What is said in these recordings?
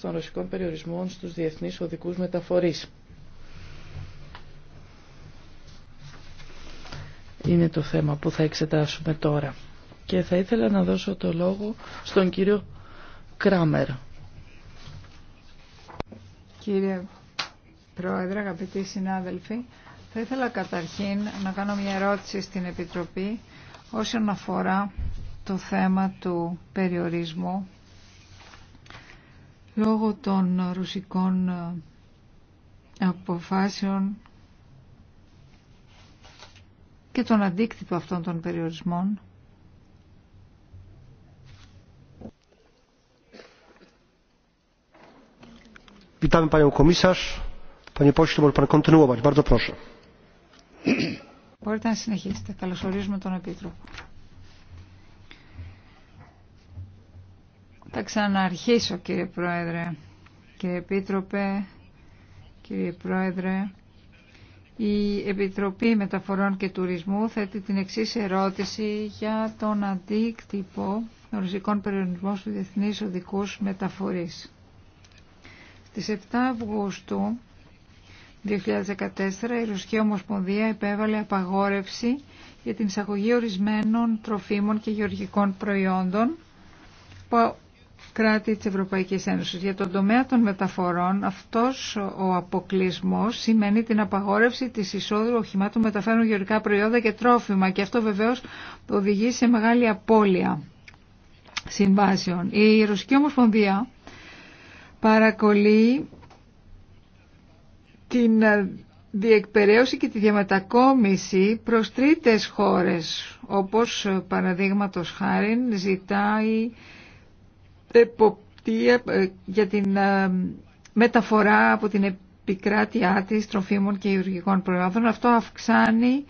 των ρωσικών περιορισμών στους διεθνείς οδικούς Μεταφορής. Είναι το θέμα που θα εξετάσουμε τώρα. Και θα ήθελα να δώσω το λόγο στον κύριο Κράμερ. Κύριε Πρόεδρε, αγαπητοί συνάδελφοι, θα ήθελα καταρχήν να κάνω μια ερώτηση στην Επιτροπή όσον αφορά το θέμα του περιορισμού λόγω των ε, ρουσικών ε, αποφάσεων και των αντίκτυπων αυτών των περιορισμών Witamy panią komisarz. Panie pośle, może pan kontynuować. Bardzo proszę. Μπορείτε να συνεχίσετε. Καλωσορίζουμε τον Επίτροπο. Θα ξαναρχίσω κύριε Πρόεδρε. Κύριε Επίτροπε, κύριε Πρόεδρε, η Επιτροπή Μεταφορών και Τουρισμού θέτει την εξής ερώτηση για τον αντίκτυπο των περιορισμών στους διεθνείς οδικούς μεταφορής. Στις 7 Αυγούστου 2014 η Ρωσική Ομοσπονδία επέβαλε απαγόρευση για την εισαγωγή ορισμένων τροφίμων και γεωργικών προϊόντων κράτη της Ευρωπαϊκής Ένωσης. Για τον τομέα των μεταφορών αυτός ο αποκλεισμός σημαίνει την απαγόρευση της εισόδου οχημάτων μεταφέρουν γεωρικά προϊόντα και τρόφιμα και αυτό βεβαίως οδηγεί σε μεγάλη απώλεια συμβάσεων. Η Ρωσική Ομοσπονδία παρακολεί την διεκπαιρέωση και τη διαμετακόμιση προς τρίτες χώρες, όπως παραδείγματος χάρη ζητάει εποπτεία ε, για την ε, μεταφορά από την επικράτειά της τροφίμων και υγειογικών προϊόντων. Αυτό αυξάνει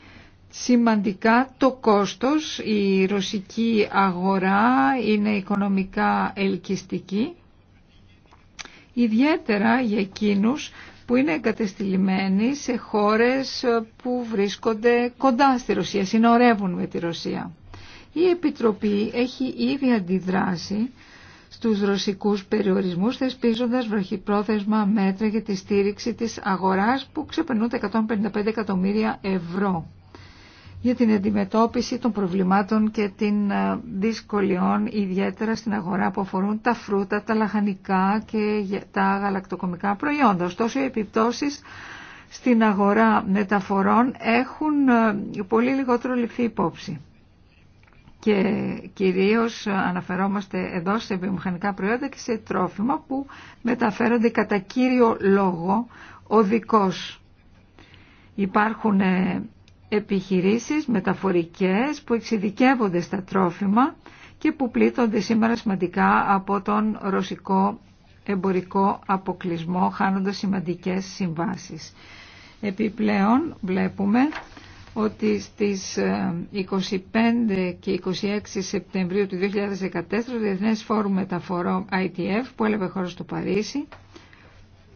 σημαντικά το κόστος. Η ρωσική αγορά είναι οικονομικά ελκυστική, ιδιαίτερα για εκείνους που είναι εγκατεστηλημένοι σε χώρες που βρίσκονται κοντά στη Ρωσία, συνορεύουν με τη Ρωσία. Η Επιτροπή έχει ήδη αντιδράσει στους ρωσικούς περιορισμούς θεσπίζοντας βροχυπρόθεσμα μέτρα για τη στήριξη της αγοράς που ξεπερνούν τα 155 εκατομμύρια ευρώ για την αντιμετώπιση των προβλημάτων και την ε, δυσκολιών ιδιαίτερα στην αγορά που αφορούν τα φρούτα, τα λαχανικά και τα γαλακτοκομικά προϊόντα. Ωστόσο οι επιπτώσεις στην αγορά μεταφορών έχουν ε, πολύ λιγότερο ληφθεί υπόψη και κυρίως αναφερόμαστε εδώ σε βιομηχανικά προϊόντα και σε τρόφιμα που μεταφέρονται κατά κύριο λόγο οδικός. Υπάρχουν ε, επιχειρήσεις μεταφορικές που εξειδικεύονται στα τρόφιμα και που πλήττονται σήμερα σημαντικά από τον ρωσικό εμπορικό αποκλεισμό, χάνοντας σημαντικές συμβάσεις. Επιπλέον βλέπουμε ότι στις 25 ε, και 26 Σεπτεμβρίου του 2014 το Διεθνές Φόρουμ Μεταφορών ITF που έλαβε χώρα στο Παρίσι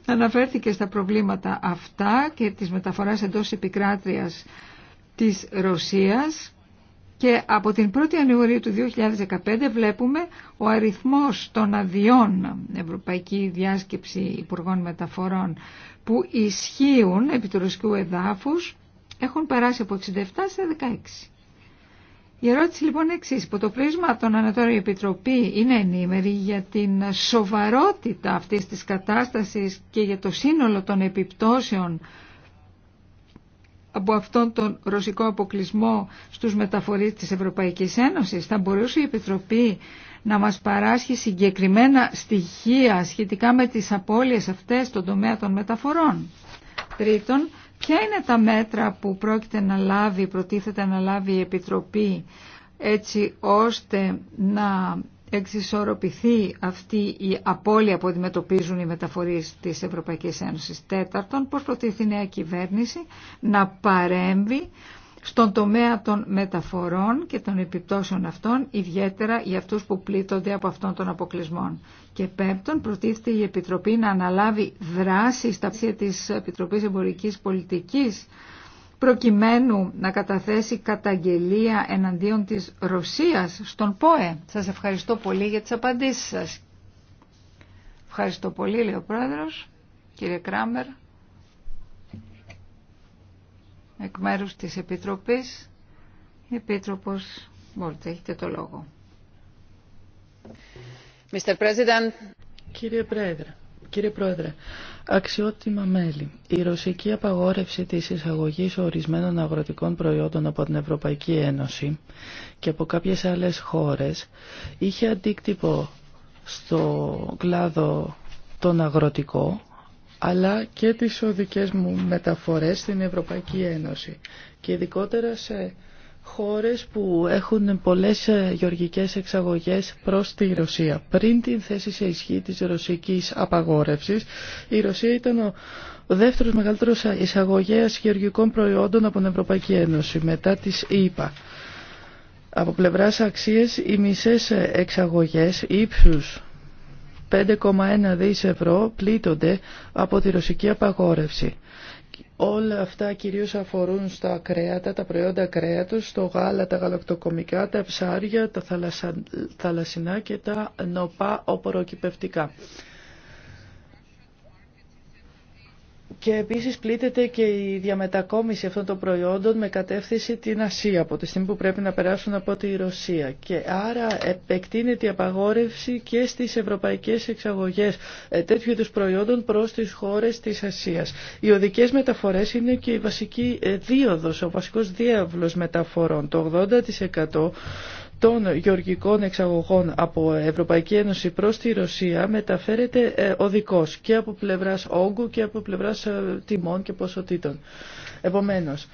αναφέρθηκε στα προβλήματα αυτά και της μεταφοράς εντός επικράτριας της Ρωσίας και από την 1η Ιανουαρίου του 2015 βλέπουμε ο αριθμός των αδειών Ευρωπαϊκή Διάσκεψη Υπουργών Μεταφορών που ισχύουν επί του ρωσικού εδάφους έχουν περάσει από 67 σε 16. Η ερώτηση λοιπόν είναι εξής. Που το πρίσμα των η Επιτροπή είναι ενήμερη για την σοβαρότητα αυτής της κατάστασης και για το σύνολο των επιπτώσεων από αυτόν τον ρωσικό αποκλεισμό στους μεταφορείς της Ευρωπαϊκής Ένωσης. Θα μπορούσε η Επιτροπή να μας παράσχει συγκεκριμένα στοιχεία σχετικά με τις απώλειες αυτές στον τομέα των μεταφορών. Τρίτον, Ποια είναι τα μέτρα που πρόκειται να λάβει, προτίθεται να λάβει η Επιτροπή έτσι ώστε να εξισορροπηθεί αυτή η απώλεια που αντιμετωπίζουν οι μεταφορείς της Ευρωπαϊκής Ένωσης. Τέταρτον, πώς προτίθεται η νέα κυβέρνηση να παρέμβει στον τομέα των μεταφορών και των επιπτώσεων αυτών, ιδιαίτερα για αυτούς που πλήττονται από αυτών των αποκλεισμών. Και πέμπτον, προτίθεται η Επιτροπή να αναλάβει δράση στα πλαίσια της Επιτροπής Εμπορικής Πολιτικής, προκειμένου να καταθέσει καταγγελία εναντίον της Ρωσίας στον ΠΟΕ. Σας ευχαριστώ πολύ για τις απαντήσεις σας. Ευχαριστώ πολύ, λέει ο Πρόεδρος, κύριε Κράμερ εκ μέρους της Επιτροπής. επίτροπο Επίτροπος, μπορείτε, έχετε το λόγο. Κύριε Πρόεδρε, κύριε Πρόεδρε, Αξιότιμα μέλη, η ρωσική απαγόρευση της εισαγωγής ορισμένων αγροτικών προϊόντων από την Ευρωπαϊκή Ένωση και από κάποιες άλλες χώρες είχε αντίκτυπο στο κλάδο των αγροτικών αλλά και τις οδικές μου μεταφορές στην Ευρωπαϊκή Ένωση και ειδικότερα σε χώρες που έχουν πολλές ε, γεωργικές εξαγωγές προς τη Ρωσία. Πριν την θέση σε ισχύ της ρωσικής απαγόρευσης, η Ρωσία ήταν ο δεύτερος μεγαλύτερος εισαγωγέας γεωργικών προϊόντων από την Ευρωπαϊκή Ένωση, μετά της ΗΠΑ. Από πλευράς αξίες, οι μισές ε, εξαγωγές ύψους 5,1 δις ευρώ πλήττονται από τη ρωσική απαγόρευση. Όλα αυτά κυρίως αφορούν στα κρέατα, τα προϊόντα κρέατος, το γάλα, τα γαλακτοκομικά, τα ψάρια, τα θαλασσινά και τα νοπά οποροκυπευτικά. Και επίσης πλήττεται και η διαμετακόμιση αυτών των προϊόντων με κατεύθυνση την Ασία από τη στιγμή που πρέπει να περάσουν από τη Ρωσία. Και άρα επεκτείνεται η απαγόρευση και στις ευρωπαϊκές εξαγωγές ε, τέτοιου είδους προϊόντων προς τις χώρες της Ασίας. Οι οδικές μεταφορές είναι και η βασική ε, δίωδος, ο βασικός διάβλος μεταφορών. Το των γεωργικών εξαγωγών από Ευρωπαϊκή Ένωση προς τη Ρωσία μεταφέρεται ε, οδικός και από πλευράς όγκου και από πλευράς ε, τιμών και ποσοτήτων. Επομένως,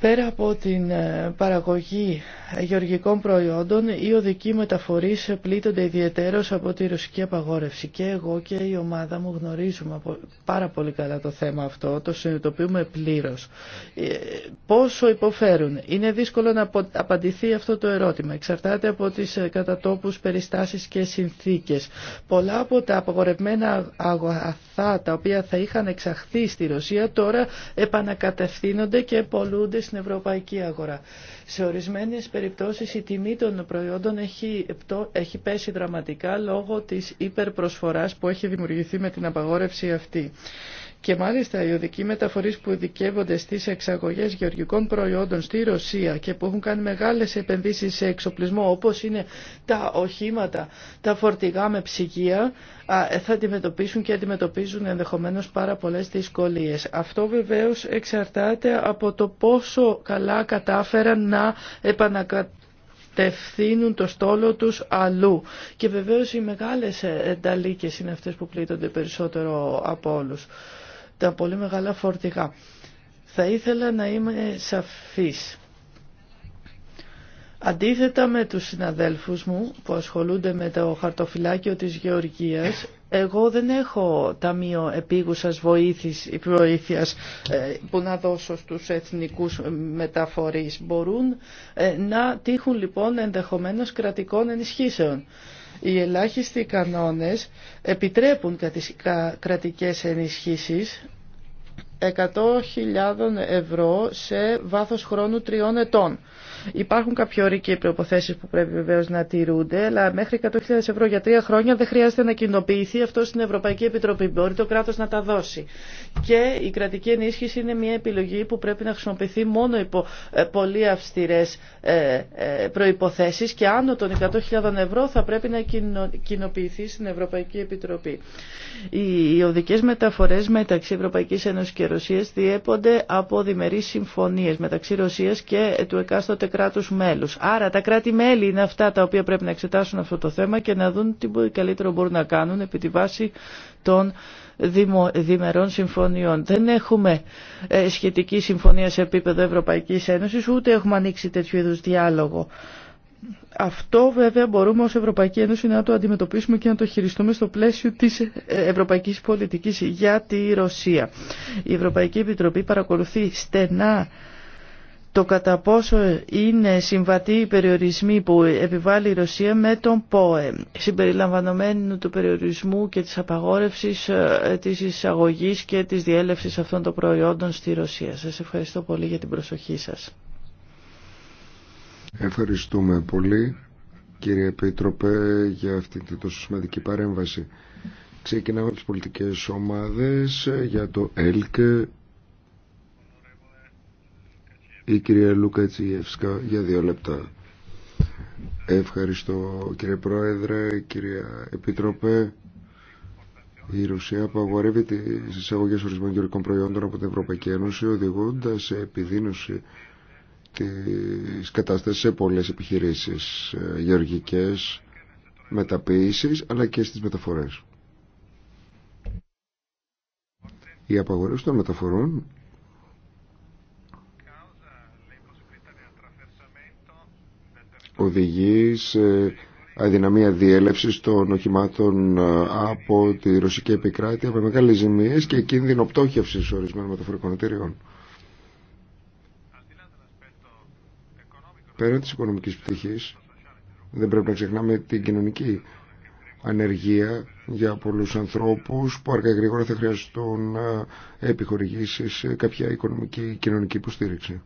Πέρα από την ε, παραγωγή γεωργικών προϊόντων, οι οδικοί μεταφορείς πλήττονται ιδιαιτέρως από τη ρωσική απαγόρευση. Και εγώ και η ομάδα μου γνωρίζουμε πάρα πολύ καλά το θέμα αυτό, το συνειδητοποιούμε πλήρως. Ε, πόσο υποφέρουν. Είναι δύσκολο να απαντηθεί αυτό το ερώτημα. Εξαρτάται από τις ε, κατατόπους περιστάσεις και συνθήκες. Πολλά από τα απαγορευμένα αγαθά τα οποία θα είχαν εξαχθεί στη Ρωσία τώρα επανακατευθύνονται και πολλούνται στην ευρωπαϊκή αγορά. Σε ορισμένες περιπτώσεις η τιμή των προϊόντων έχει, έχει πέσει δραματικά λόγω της υπερπροσφοράς που έχει δημιουργηθεί με την απαγόρευση αυτή. Και μάλιστα οι οδικοί μεταφορεί που ειδικεύονται στι εξαγωγέ γεωργικών προϊόντων στη Ρωσία και που έχουν κάνει μεγάλε επενδύσει σε εξοπλισμό όπω είναι τα οχήματα, τα φορτηγά με ψυγεία θα αντιμετωπίσουν και αντιμετωπίζουν ενδεχομένω πάρα πολλέ δυσκολίε. Αυτό βεβαίω εξαρτάται από το πόσο καλά κατάφεραν να επανακατευθύνουν το στόλο τους αλλού. Και βεβαίως οι μεγάλες ε, ενταλίκες είναι αυτές που πλήττονται περισσότερο από όλους τα πολύ μεγάλα φορτηγά. Θα ήθελα να είμαι σαφής. Αντίθετα με τους συναδέλφους μου που ασχολούνται με το χαρτοφυλάκιο της Γεωργίας, εγώ δεν έχω ταμείο επίγουσας βοήθης ή προήθειας ε, που να δώσω στους εθνικούς μεταφορείς. Μπορούν ε, να τύχουν λοιπόν ενδεχομένως κρατικών ενισχύσεων. Οι ελάχιστοι κανόνες επιτρέπουν κρατικές ενισχύσεις 100.000 ευρώ σε βάθος χρόνου τριών ετών. Υπάρχουν κάποιοι όροι και προποθέσει που πρέπει βεβαίω να τηρούνται, αλλά μέχρι 100.000 ευρώ για τρία χρόνια δεν χρειάζεται να κοινοποιηθεί αυτό στην Ευρωπαϊκή Επιτροπή. Μπορεί το κράτο να τα δώσει. Και η κρατική ενίσχυση είναι μια επιλογή που πρέπει να χρησιμοποιηθεί μόνο υπό ε, πολύ αυστηρέ ε, ε, προποθέσει και άνω των 100.000 ευρώ θα πρέπει να κοινοποιηθεί στην Ευρωπαϊκή Επιτροπή. Οι οδικέ μεταφορέ μεταξύ Ευρωπαϊκή Ένωση και και Ρωσίας διέπονται από διμερείς συμφωνίες μεταξύ Ρωσίας και του εκάστοτε κράτους μέλους. Άρα τα κράτη-μέλη είναι αυτά τα οποία πρέπει να εξετάσουν αυτό το θέμα και να δουν τι καλύτερο μπορούν να κάνουν επί τη βάση των διμερών συμφωνιών. Δεν έχουμε ε, σχετική συμφωνία σε επίπεδο Ευρωπαϊκής Ένωσης, ούτε έχουμε ανοίξει τέτοιου είδους διάλογο. Αυτό βέβαια μπορούμε ως Ευρωπαϊκή Ένωση να το αντιμετωπίσουμε και να το χειριστούμε στο πλαίσιο της ευρωπαϊκής πολιτικής για τη Ρωσία. Η Ευρωπαϊκή Επιτροπή παρακολουθεί στενά το κατά πόσο είναι συμβατοί οι περιορισμοί που επιβάλλει η Ρωσία με τον ΠΟΕ, συμπεριλαμβανομένου του περιορισμού και της απαγόρευσης ε, της εισαγωγής και της διέλευσης αυτών των προϊόντων στη Ρωσία. Σας ευχαριστώ πολύ για την προσοχή σας. Ευχαριστούμε πολύ κύριε Επίτροπε για αυτή την τόσο σημαντική παρέμβαση. Ξεκινάμε τις πολιτικές ομάδες για το ΕΛΚΕ. Η κυρία Λούκα για δύο λεπτά. Ευχαριστώ κύριε Πρόεδρε, κυρία Επίτροπε. Η Ρωσία απαγορεύει τις εισαγωγές ορισμένων γεωργικών προϊόντων από την Ευρωπαϊκή Ένωση, οδηγώντα σε επιδείνωση τις κατάστασεις σε πολλές επιχειρήσεις ε, γεωργικές, μεταποίησης αλλά και στις μεταφορές. Η απαγορεύση των μεταφορών οδηγεί σε αδυναμία διέλευσης των οχημάτων ε, από τη ρωσική επικράτεια με μεγάλες ζημίες και κίνδυνο πτώχευσης ορισμένων μεταφορικών εταιριών. Πέραν της οικονομικής πτυχής δεν πρέπει να ξεχνάμε την κοινωνική ανεργία για πολλούς ανθρώπους που αργά γρήγορα θα χρειαστούν επιχορηγήσεις κάποια οικονομική ή κοινωνική υποστήριξη.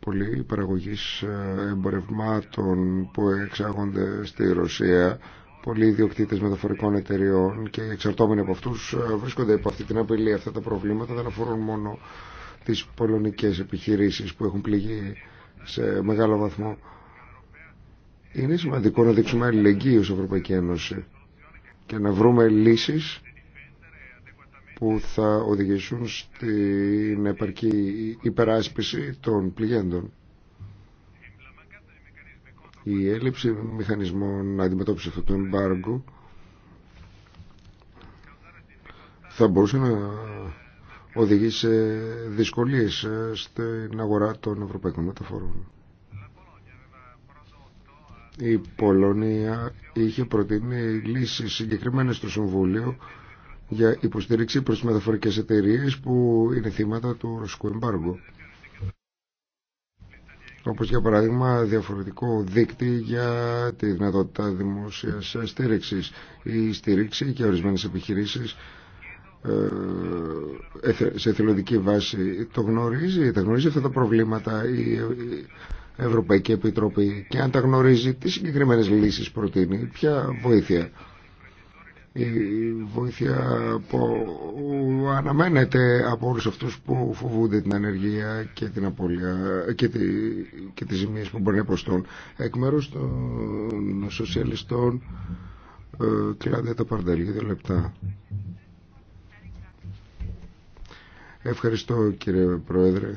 Πολλοί παραγωγής εμπορευμάτων που εξάγονται στη Ρωσία, πολλοί ιδιοκτήτε μεταφορικών εταιριών και εξαρτώμενοι από αυτούς βρίσκονται υπό αυτή την απειλή. Αυτά τα προβλήματα δεν αφορούν μόνο τις πολωνικές επιχειρήσεις που έχουν πληγεί σε μεγάλο βαθμό. Είναι σημαντικό να δείξουμε αλληλεγγύη ως Ευρωπαϊκή Ένωση και να βρούμε λύσεις που θα οδηγήσουν στην επαρκή υπεράσπιση των πληγέντων. Η έλλειψη μηχανισμών αντιμετώπισης αυτού του εμπάργου θα μπορούσε να οδηγεί σε δυσκολίες ε, στην αγορά των ευρωπαϊκών μεταφορών. Η Πολωνία είχε προτείνει λύσεις συγκεκριμένες στο Συμβούλιο για υποστήριξη προς μεταφορικές εταιρείες που είναι θύματα του ρωσικού εμπάργου. Όπως για παράδειγμα διαφορετικό δίκτυ για τη δυνατότητα δημόσια στήριξης ή στήριξη και ορισμένες επιχειρήσεις ε, ε, ε, σε εθελοντική βάση το γνωρίζει, τα γνωρίζει αυτά τα προβλήματα η Ευρωπαϊκή Επιτροπή και αν τα γνωρίζει τι συγκεκριμένες λύσεις προτείνει, ποια βοήθεια η βοήθεια που αναμένεται από όλους αυτούς που φοβούνται την ανεργία και την απώλεια και, τη, και τις ζημίες που μπορεί να υποστούν. Εκ μέρους των σοσιαλιστών ε, τα παρδέλια λεπτά. Ευχαριστώ κύριε Πρόεδρε.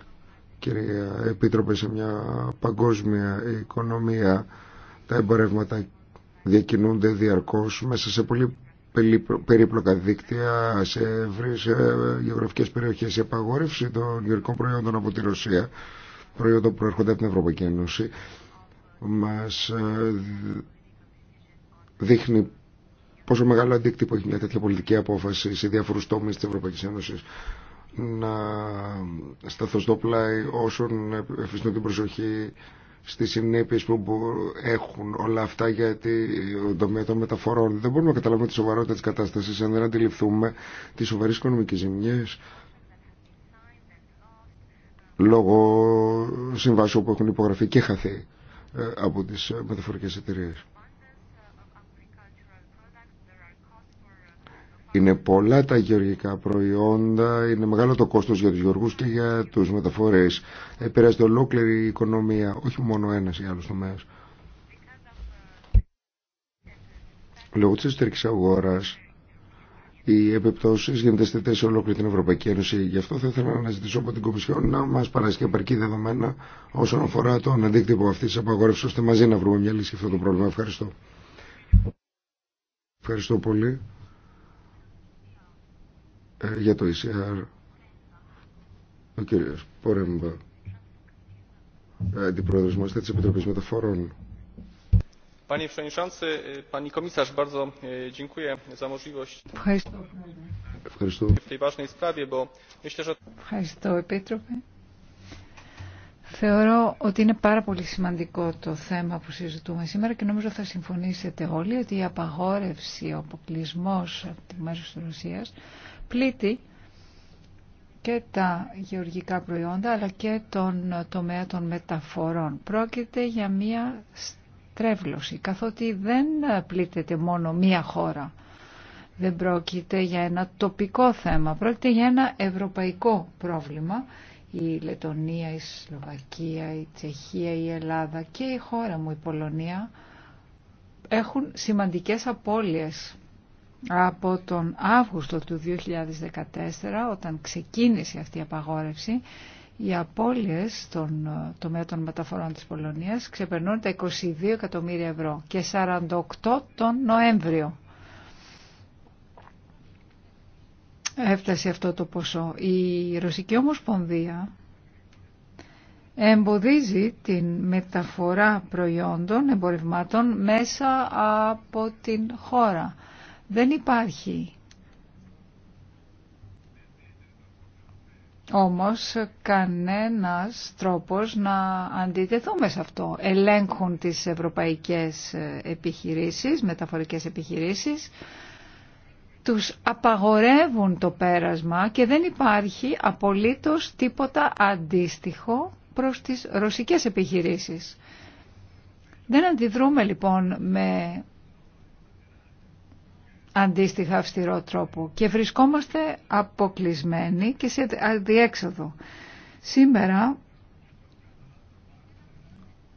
Κύριε Επίτροπε, σε μια παγκόσμια οικονομία τα εμπορεύματα διακινούνται διαρκώς μέσα σε πολύ περίπλοκα δίκτυα σε σε γεωγραφικές περιοχές. Η απαγόρευση των γεωργικών προϊόντων από τη Ρωσία, προϊόντων που προέρχονται από την Ευρωπαϊκή Ένωση, μας ε, δείχνει πόσο μεγάλο αντίκτυπο έχει μια τέτοια πολιτική απόφαση σε διάφορους τομείς της Ευρωπαϊκής Ένωσης να σταθώ στο πλάι όσων εφιστούν την προσοχή στις συνέπειες που έχουν όλα αυτά για τη τομέα των μεταφορών. Δεν μπορούμε να καταλάβουμε τη σοβαρότητα της κατάστασης αν δεν αντιληφθούμε τις σοβαρές οικονομικές ζημιές λόγω συμβάσεων που έχουν υπογραφεί και χαθεί ε, από τις μεταφορικές εταιρείες. Είναι πολλά τα γεωργικά προϊόντα, είναι μεγάλο το κόστος για τους γεωργούς και για τους μεταφορές. Ε, επηρεάζεται ολόκληρη η οικονομία, όχι μόνο ένας ή άλλος τομέας. Λόγω της εσωτερικής αγοράς, οι επιπτώσει γίνονται στη σε ολόκληρη την Ευρωπαϊκή Ένωση. Γι' αυτό θα ήθελα να ζητήσω από την Κομισιόν να μα παράσχει επαρκή δεδομένα όσον αφορά τον αντίκτυπο αυτή τη απαγόρευση, ώστε μαζί να βρούμε μια λύση σε αυτό το πρόβλημα. Ευχαριστώ. Ευχαριστώ πολύ για το ECR ο κύριος Πόρεμπα αντιπρόεδρος μας της Επιτροπής Μεταφορών Panie Przewodniczący, Pani Komisarz, bardzo e, dziękuję za możliwość w tej ważnej sprawie, bo myślę, że... Ευχαριστώ, Επίτροπε. Θεωρώ ότι είναι πάρα πολύ σημαντικό το θέμα που συζητούμε σήμερα και νομίζω θα συμφωνήσετε όλοι ότι η απαγόρευση, ο αποκλεισμό από τη μέση τη Ρωσία πλήττει και τα γεωργικά προϊόντα αλλά και τον τομέα των μεταφορών. Πρόκειται για μία στρέβλωση, καθότι δεν πλήττεται μόνο μία χώρα. Δεν πρόκειται για ένα τοπικό θέμα, πρόκειται για ένα ευρωπαϊκό πρόβλημα. Η Λετωνία, η Σλοβακία, η Τσεχία, η Ελλάδα και η χώρα μου, η Πολωνία, έχουν σημαντικές απώλειες από τον Αύγουστο του 2014 όταν ξεκίνησε αυτή η απαγόρευση οι απώλειες στον ε, τομέα των μεταφορών της Πολωνίας ξεπερνούν τα 22 εκατομμύρια ευρώ και 48 τον Νοέμβριο. Έφτασε αυτό το ποσό. Η Ρωσική Ομοσπονδία εμποδίζει την μεταφορά προϊόντων, εμπορευμάτων μέσα από την χώρα. Δεν υπάρχει όμως κανένας τρόπος να αντιτεθούμε σε αυτό. Ελέγχουν τις ευρωπαϊκές επιχειρήσεις, μεταφορικές επιχειρήσεις, τους απαγορεύουν το πέρασμα και δεν υπάρχει απολύτως τίποτα αντίστοιχο προς τις ρωσικές επιχειρήσεις. Δεν αντιδρούμε λοιπόν με αντίστοιχα αυστηρό τρόπο και βρισκόμαστε αποκλεισμένοι και σε αντιέξοδο. Σήμερα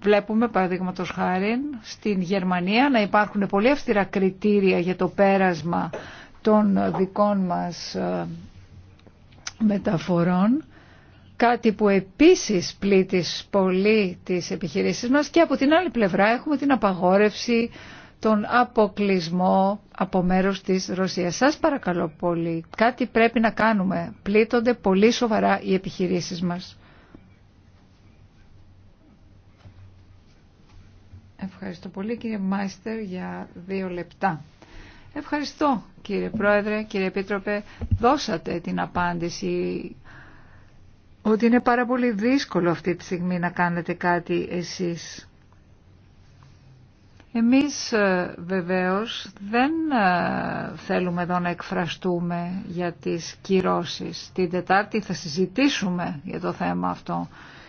βλέπουμε παραδείγματος χάρη στην Γερμανία να υπάρχουν πολύ αυστηρά κριτήρια για το πέρασμα των δικών μας ε, μεταφορών κάτι που επίσης πλήττει πολύ τις επιχειρήσεις μας και από την άλλη πλευρά έχουμε την απαγόρευση τον αποκλεισμό από μέρος της Ρωσίας. Σας παρακαλώ πολύ, κάτι πρέπει να κάνουμε. Πλήττονται πολύ σοβαρά οι επιχειρήσεις μας. Ευχαριστώ πολύ κύριε Μάιστερ για δύο λεπτά. Ευχαριστώ κύριε Πρόεδρε, κύριε Επίτροπε, δώσατε την απάντηση ότι είναι πάρα πολύ δύσκολο αυτή τη στιγμή να κάνετε κάτι εσείς. Εμείς ε, βεβαίως δεν ε, θέλουμε εδώ να εκφραστούμε για τις κυρώσεις. Την Τετάρτη θα συζητήσουμε για το θέμα αυτό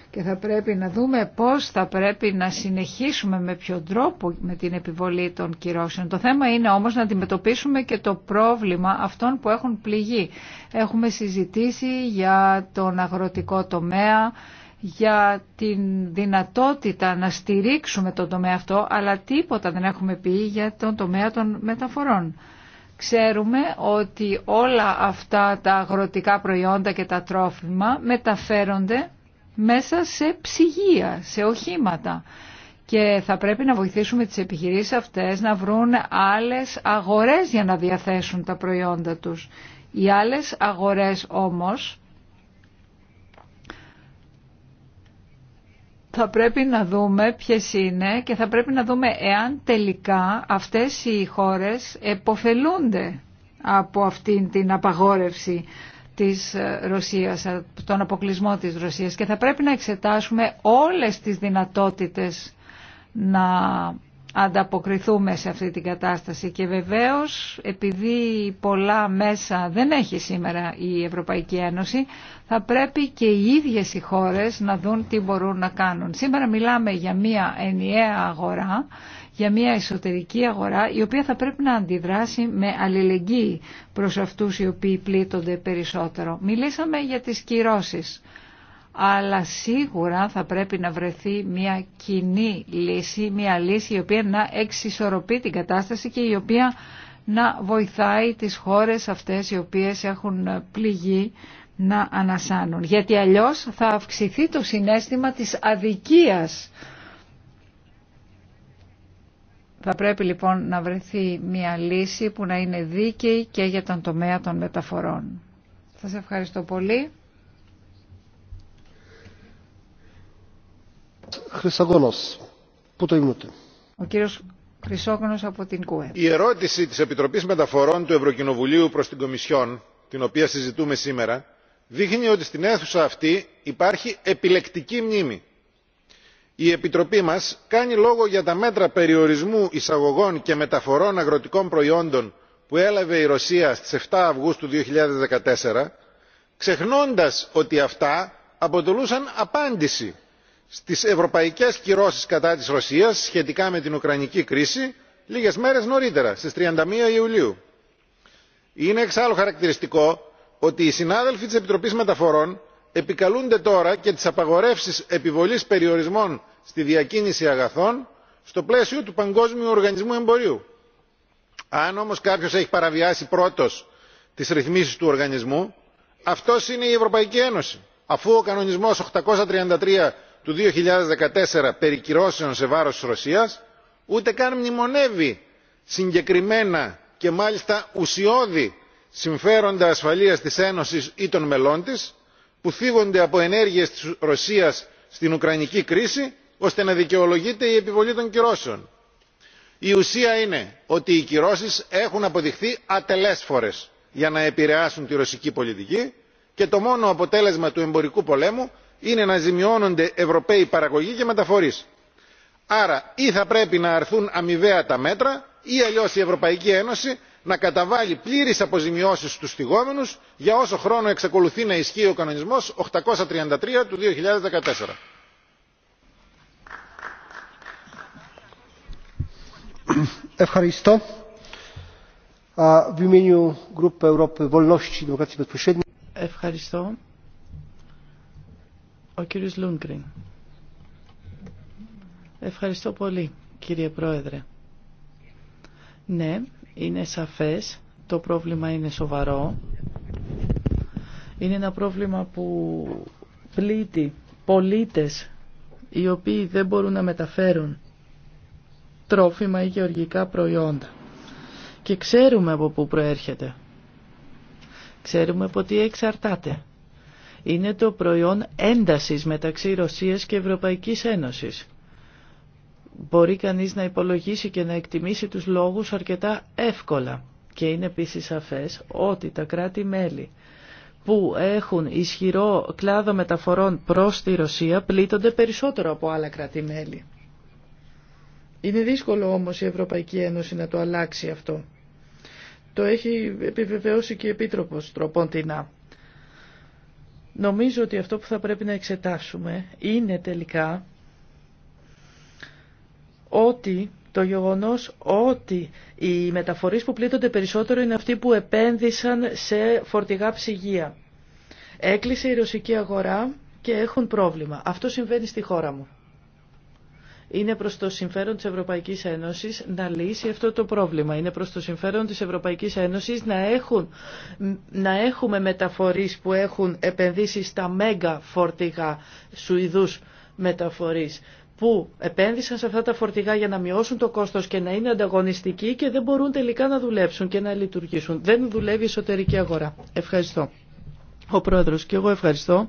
και θα πρέπει να δούμε πώς θα πρέπει να συνεχίσουμε με ποιον τρόπο με την επιβολή των κυρώσεων. Το θέμα είναι όμως να αντιμετωπίσουμε και το πρόβλημα αυτών που έχουν πληγεί. Έχουμε συζητήσει για τον αγροτικό τομέα, για την δυνατότητα να στηρίξουμε τον τομέα αυτό, αλλά τίποτα δεν έχουμε πει για τον τομέα των μεταφορών. Ξέρουμε ότι όλα αυτά τα αγροτικά προϊόντα και τα τρόφιμα μεταφέρονται μέσα σε ψυγεία, σε οχήματα. Και θα πρέπει να βοηθήσουμε τις επιχειρήσεις αυτές να βρουν άλλες αγορές για να διαθέσουν τα προϊόντα τους. Οι άλλες αγορές όμως θα πρέπει να δούμε ποιες είναι και θα πρέπει να δούμε εάν τελικά αυτές οι χώρες εποφελούνται από αυτήν την απαγόρευση της ε, Ρωσίας, ε, τον αποκλεισμό της Ρωσίας και θα πρέπει να εξετάσουμε όλες τις δυνατότητες να ανταποκριθούμε σε αυτή την κατάσταση και βεβαίως επειδή πολλά μέσα δεν έχει σήμερα η Ευρωπαϊκή Ένωση θα πρέπει και οι ίδιες οι χώρες να δουν τι μπορούν να κάνουν. Σήμερα μιλάμε για μια ενιαία αγορά, για μια εσωτερική αγορά η οποία θα πρέπει να αντιδράσει με αλληλεγγύη προς αυτούς οι οποίοι πλήττονται περισσότερο. Μιλήσαμε για τις κυρώσεις αλλά σίγουρα θα πρέπει να βρεθεί μια κοινή λύση, μια λύση η οποία να εξισορροπεί την κατάσταση και η οποία να βοηθάει τις χώρες αυτές οι οποίες έχουν πληγεί να ανασάνουν. Γιατί αλλιώς θα αυξηθεί το συνέστημα της αδικίας. Θα πρέπει λοιπόν να βρεθεί μια λύση που να είναι δίκαιη και για τον τομέα των μεταφορών. Σας ευχαριστώ πολύ. Η ερώτηση της Επιτροπής Μεταφορών του Ευρωκοινοβουλίου προς την Κομισιόν, την οποία συζητούμε σήμερα, δείχνει ότι στην αίθουσα αυτή υπάρχει επιλεκτική μνήμη. Η Επιτροπή μας κάνει λόγο για τα μέτρα περιορισμού εισαγωγών και μεταφορών αγροτικών προϊόντων που έλαβε η Ρωσία στις 7 Αυγούστου 2014, ξεχνώντας ότι αυτά αποτελούσαν απάντηση στις ευρωπαϊκές κυρώσεις κατά της ρωσίας σχετικά με την ουκρανική κρίση λίγες μέρες νωρίτερα στις 31 Ιουλίου. Είναι εξάλλου χαρακτηριστικό ότι οι συνάδελφοι της Επιτροπής Μεταφορών επικαλούνται τώρα και τις απαγορεύσεις επιβολής περιορισμών στη διακίνηση αγαθών στο πλαίσιο του Παγκόσμιου Οργανισμού Εμπορίου. Αν όμως κάποιος έχει παραβιάσει πρώτος τις ρυθμίσεις του οργανισμού, αυτός είναι η Ευρωπαϊκή Ένωση, αφού ο κανονισμός 833 του 2014 περί κυρώσεων σε βάρος της Ρωσίας ούτε καν μνημονεύει συγκεκριμένα και μάλιστα ουσιώδη συμφέροντα ασφαλείας της Ένωσης ή των μελών της που θίγονται από ενέργειες της Ρωσίας στην Ουκρανική κρίση ώστε να δικαιολογείται η επιβολή των κυρώσεων. Η ουσία είναι ότι οι κυρώσεις έχουν αποδειχθεί ατελέσφορες για να επηρεάσουν τη ρωσική πολιτική και το μόνο αποτέλεσμα του εμπορικού πολέμου είναι να ζημιώνονται ευρωπαίοι παραγωγοί και μεταφορείς. άρα ή θα πρέπει να αρθούν αμοιβαία τα μέτρα ή αλλιώς η ευρωπαϊκή ένωση να καταβάλει πλήρεις αποζημιώσεις στους θυγόμενους για όσο χρόνο εξακολουθεί να καταβαλει πληρεις αποζημιωσεις στους στιγομενους για οσο χρονο εξακολουθει να ισχυει ο κανονισμός 833 του 2014. Ευχαριστώ. Ευχαριστώ. Ο κύριος Λούνκριν. Ευχαριστώ πολύ, κύριε Πρόεδρε. Ναι, είναι σαφές, το πρόβλημα είναι σοβαρό. Είναι ένα πρόβλημα που πλήττει πολίτες οι οποίοι δεν μπορούν να μεταφέρουν τρόφιμα ή γεωργικά προϊόντα. Και ξέρουμε από πού προέρχεται. Ξέρουμε από τι εξαρτάται είναι το προϊόν έντασης μεταξύ Ρωσίας και Ευρωπαϊκής Ένωσης. Μπορεί κανείς να υπολογίσει και να εκτιμήσει τους λόγους αρκετά εύκολα. Και είναι επίσης σαφές ότι τα κράτη-μέλη που έχουν ισχυρό κλάδο μεταφορών προς τη Ρωσία πλήττονται περισσότερο από άλλα κράτη-μέλη. Είναι δύσκολο όμως η Ευρωπαϊκή Ένωση να το αλλάξει αυτό. Το έχει επιβεβαιώσει και η Επίτροπος Τροποντινά. Νομίζω ότι αυτό που θα πρέπει να εξετάσουμε είναι τελικά ότι το γεγονός ότι οι μεταφορείς που πλήττονται περισσότερο είναι αυτοί που επένδυσαν σε φορτηγά ψυγεία. Έκλεισε η ρωσική αγορά και έχουν πρόβλημα. Αυτό συμβαίνει στη χώρα μου. Είναι προς το συμφέρον της Ευρωπαϊκής Ένωσης να λύσει αυτό το πρόβλημα. Είναι προς το συμφέρον της Ευρωπαϊκής Ένωσης να, έχουν, να έχουμε μεταφορείς που έχουν επενδύσει στα μέγα φορτηγά Σουηδούς μεταφορείς που επένδυσαν σε αυτά τα φορτηγά για να μειώσουν το κόστος και να είναι ανταγωνιστικοί και δεν μπορούν τελικά να δουλέψουν και να λειτουργήσουν. Δεν δουλεύει η εσωτερική αγορά. Ευχαριστώ. Ο Πρόεδρος και εγώ ευχαριστώ.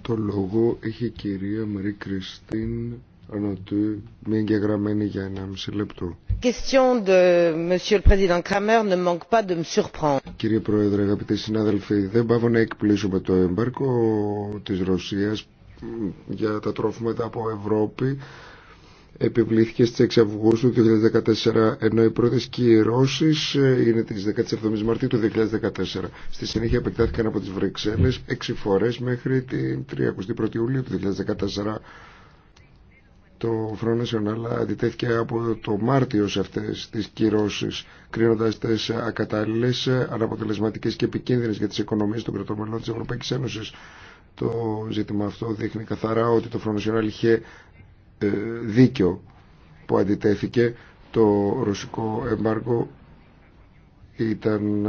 Το λόγο έχει η κυρία Μαρή Κριστίν Ανατού, μια εγγεγραμμένη για 1,5 λεπτό. Κύριε Πρόεδρε, αγαπητοί συνάδελφοι, δεν πάω να εκπλήσουμε το έμπαρκο της Ρωσίας για τα τρόφιμα από Ευρώπη επιβλήθηκε στις 6 Αυγούστου 2014 ενώ οι πρώτες κυρώσεις είναι τις 17 Μαρτίου του 2014. Στη συνέχεια επεκτάθηκαν από τις Βρυξέλλες 6 φορές μέχρι την 31 Ιουλίου του 2014. Το Front National αντιτέθηκε από το Μάρτιο σε αυτές τις κυρώσεις, κρίνοντας τις ακατάλληλες, αναποτελεσματικές και επικίνδυνες για τις οικονομίες των κρατών μελών της Ευρωπαϊκής Ένωσης. Το ζήτημα αυτό δείχνει καθαρά ότι το Front National είχε ε, Δίκιο που αντιτέθηκε το ρωσικό εμπάργο ήταν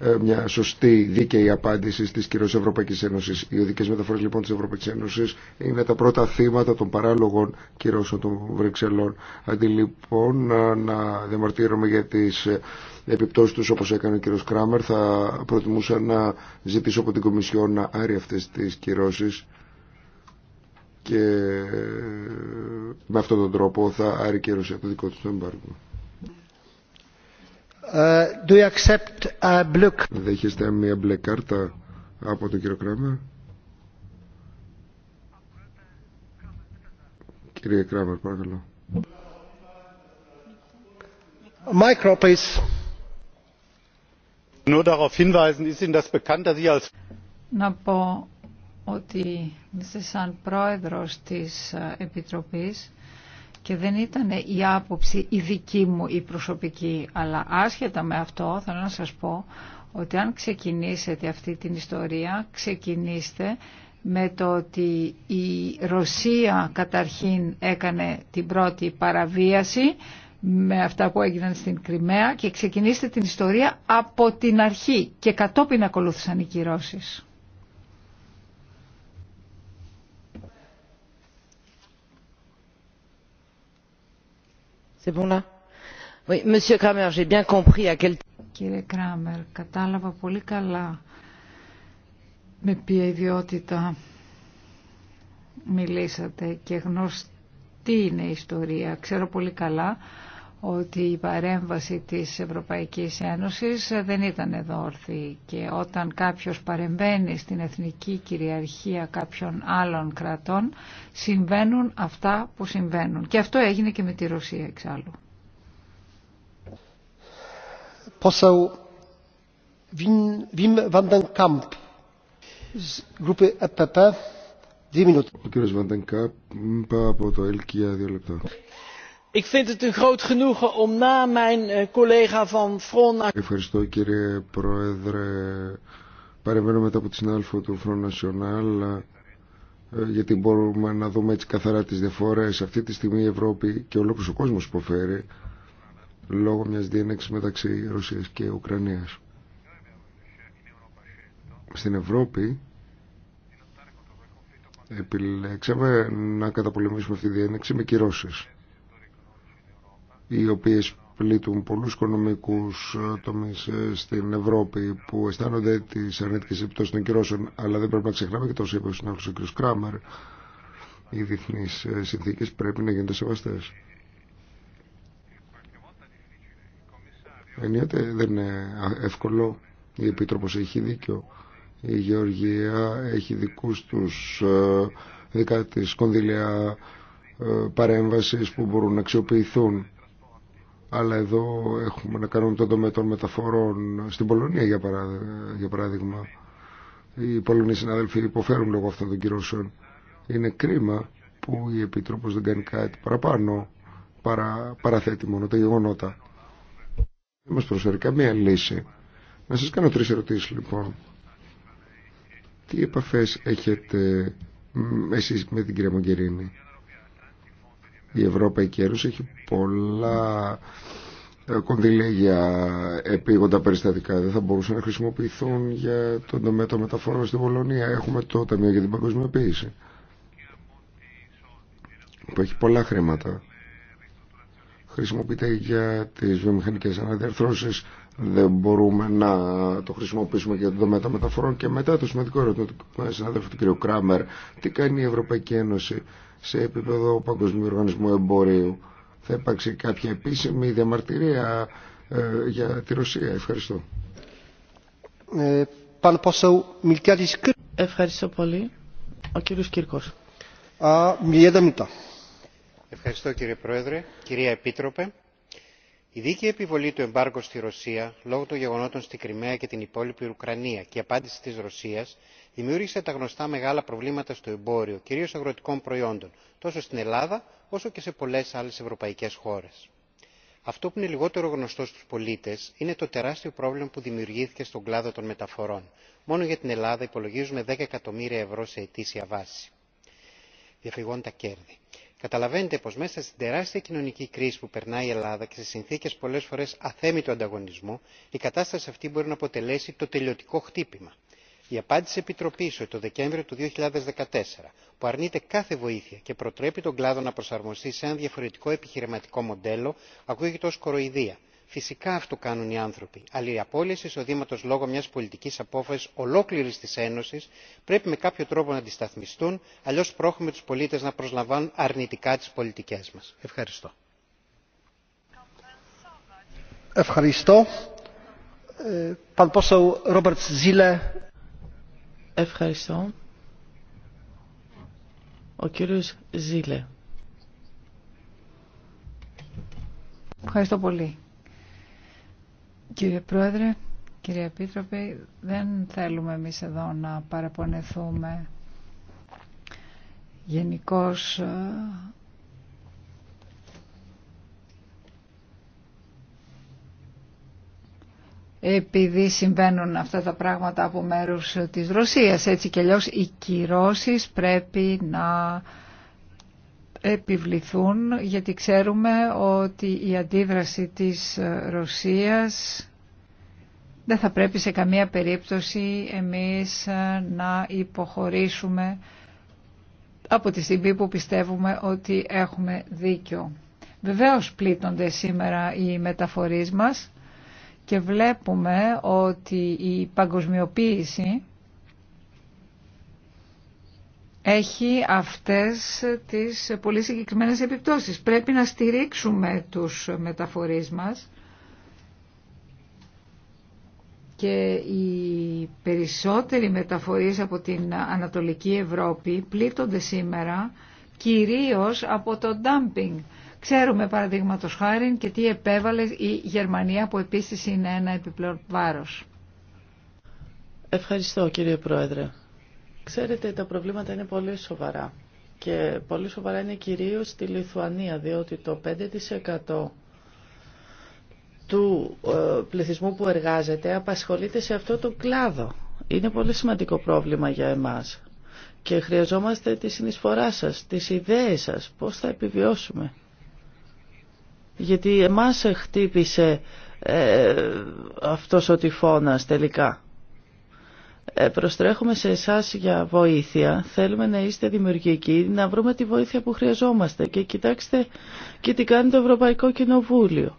ε, μια σωστή δίκαιη απάντηση της κυρίως Ευρωπαϊκή Ένωσης. Οι οδικές μεταφορές λοιπόν της Ευρωπαϊκής Ένωσης είναι τα πρώτα θύματα των παράλογων κυρώσεων των Βρυξελών. Αντί λοιπόν να διαμαρτύρομαι για τις ε, επιπτώσεις τους όπως έκανε ο κύριος Κράμερ θα προτιμούσα να ζητήσω από την Κομισιόν να άρει αυτές τις κυρώσεις και ε, με αυτόν τον τρόπο θα αρκεί το δικό του το εμπάργο. Ε, do accept a Δέχεστε μια μπλε κάρτα από τον κύριο Κράμερ. Κύριε Κράμερ, παρακαλώ. Micro, Nur darauf hinweisen, ist Ihnen das als... Να πω ότι είστε σαν πρόεδρος της Επιτροπής και δεν ήταν η άποψη η δική μου η προσωπική, αλλά άσχετα με αυτό θέλω να σας πω ότι αν ξεκινήσετε αυτή την ιστορία, ξεκινήστε με το ότι η Ρωσία καταρχήν έκανε την πρώτη παραβίαση με αυτά που έγιναν στην Κρυμαία και ξεκινήστε την ιστορία από την αρχή και κατόπιν ακολούθησαν οι κυρώσεις. Κύριε Κράμερ, κατάλαβα πολύ καλά με ποια ιδιότητα μιλήσατε και γνωστή είναι η ιστορία. Ξέρω πολύ καλά ότι η παρέμβαση της Ευρωπαϊκής Ένωσης δεν ήταν εδώ και όταν κάποιος παρεμβαίνει στην εθνική κυριαρχία κάποιων άλλων κρατών συμβαίνουν αυτά που συμβαίνουν και αυτό έγινε και με τη Ρωσία εξάλλου. Ο κύριος από το ΕΛΚΙΑ δύο Ευχαριστώ κύριε Πρόεδρε. Παρεμβαίνω μετά από τη συνάδελφο του Front National ε, γιατί μπορούμε να δούμε έτσι καθαρά τις διαφορές. Αυτή τη στιγμή η Ευρώπη και ολόκληρος ο κόσμος υποφέρει λόγω μιας διένεξης μεταξύ Ρωσίας και Ουκρανίας. Στην Ευρώπη επιλέξαμε να καταπολεμήσουμε αυτή τη διένεξη με κυρώσεις οι οποίες πλήττουν πολλούς οικονομικούς ε, τομείς ε, στην Ευρώπη που αισθάνονται τις αρνητικές επιπτώσεις των κυρώσεων αλλά δεν πρέπει να ξεχνάμε και το όσο είπε ο συνάδελφος ο κ. Κράμερ οι διεθνεί ε, συνθήκες πρέπει να γίνονται σεβαστές. Εννοείται δεν είναι εύκολο η Επίτροπος έχει δίκιο η Γεωργία έχει δικούς τους δικά της κονδυλία παρέμβασης που μπορούν να αξιοποιηθούν αλλά εδώ έχουμε να κάνουμε τον τομέα των μεταφορών στην Πολωνία για παράδειγμα οι Πολωνοί συναδέλφοι υποφέρουν λόγω αυτών των κυρώσεων είναι κρίμα που η Επιτρόπος δεν κάνει κάτι παραπάνω παρα, παραθέτει μόνο τα γεγονότα δεν μας προσφέρει καμία λύση να σας κάνω τρεις ερωτήσεις λοιπόν τι επαφές έχετε εσείς με την κυρία Μογκερίνη η Ευρωπαϊκή Ένωση έχει πολλά ε, κονδύλια για επίγοντα περιστατικά. Δεν θα μπορούσαν να χρησιμοποιηθούν για τον τομέα των μεταφορών στην Πολωνία. Έχουμε το Ταμείο για την Παγκοσμιοποίηση που έχει πολλά χρήματα. Χρησιμοποιείται για τις βιομηχανικές αναδιαρθρώσεις. Δεν μπορούμε να το χρησιμοποιήσουμε για τον τομέα των μεταφορών. Και μετά το σημαντικό ερώτημα του συνάδελφου του κ. Κράμερ. Τι κάνει η Ευρωπαϊκή Ένωση σε επίπεδο Παγκοσμίου Οργανισμού Εμπορίου. Θα υπάρξει κάποια επίσημη διαμαρτυρία ε, για τη Ρωσία. Ευχαριστώ. Ε, Ευχαριστώ πολύ. Ο κύριος Κύρκος. Ευχαριστώ κύριε Πρόεδρε, κυρία Επίτροπε. Η δίκαιη επιβολή του εμπάργου στη Ρωσία λόγω των γεγονότων στην Κρυμαία και την υπόλοιπη Ουκρανία και η απάντηση της Ρωσίας δημιούργησε τα γνωστά μεγάλα προβλήματα στο εμπόριο κυρίως αγροτικών προϊόντων τόσο στην ελλάδα όσο και σε πολλές άλλες ευρωπαϊκές χώρες. αυτό που είναι λιγότερο γνωστό στους πολίτες είναι το τεράστιο πρόβλημα που δημιουργήθηκε στον κλάδο των μεταφορών μόνο για την ελλάδα υπολογίζουμε δέκα εκατομμύρια ευρώ σε ετήσια βάση διαφυγόντα κέρδη. καταλαβαίνετε πως μέσα στην τεράστια κοινωνική κρίση που περνάει η ελλάδα και σε συνθήκες πολλές φορές αθέμητου ανταγωνισμού η κατάσταση αυτή μπορεί να αποτελέσει το τελειωτικό χτύπημα η απάντηση της επιτροπής ότι το δεκέμβριο του 2014 που αρνείται κάθε βοήθεια και προτρέπει τον κλάδο να προσαρμοστεί σε ένα διαφορετικό επιχειρηματικό μοντέλο ακούγεται ως κοροϊδία. φυσικά αυτό κάνουν οι άνθρωποι αλλά η απόλυση εισοδήματο λόγω μιας πολιτικής απόφασης ολόκληρης της ένωσης πρέπει με κάποιο τρόπο να αντισταθμιστούν αλλιώς πρόχουμε τους πολίτες να προσλαμβάνουν αρνητικά τις πολιτικές μας. ευχαριστώ. ευχαριστώ. Ε, Ευχαριστώ. Ο κύριος Ζήλε. Ευχαριστώ πολύ. Κύριε Πρόεδρε, κύριε Επίτροπε, δεν θέλουμε εμείς εδώ να παραπονεθούμε γενικώς επειδή συμβαίνουν αυτά τα πράγματα από μέρους της Ρωσίας. Έτσι και αλλιώς οι κυρώσεις πρέπει να επιβληθούν γιατί ξέρουμε ότι η αντίδραση της Ρωσίας δεν θα πρέπει σε καμία περίπτωση εμείς να υποχωρήσουμε από τη στιγμή που πιστεύουμε ότι έχουμε δίκιο. Βεβαίως πλήττονται σήμερα οι μεταφορείς μας και βλέπουμε ότι η παγκοσμιοποίηση έχει αυτές τις πολύ συγκεκριμένες επιπτώσεις. Πρέπει να στηρίξουμε τους μεταφορείς μας και οι περισσότεροι μεταφορείς από την Ανατολική Ευρώπη πλήττονται σήμερα κυρίως από το dumping Ξέρουμε παραδείγματος χάρη και τι επέβαλε η Γερμανία που επίσης είναι ένα επιπλέον βάρος. Ευχαριστώ κύριε Πρόεδρε. Ξέρετε τα προβλήματα είναι πολύ σοβαρά και πολύ σοβαρά είναι κυρίως στη Λιθουανία διότι το 5% του ε, πληθυσμού που εργάζεται απασχολείται σε αυτό το κλάδο. Είναι πολύ σημαντικό πρόβλημα για εμάς και χρειαζόμαστε τη συνεισφορά σας, τις ιδέες σας, πώς θα επιβιώσουμε γιατί εμάς χτύπησε ε, αυτός ο τυφώνας τελικά. Ε, προστρέχουμε σε εσάς για βοήθεια. Θέλουμε να είστε δημιουργικοί, να βρούμε τη βοήθεια που χρειαζόμαστε. Και κοιτάξτε και τι κάνει το Ευρωπαϊκό Κοινοβούλιο.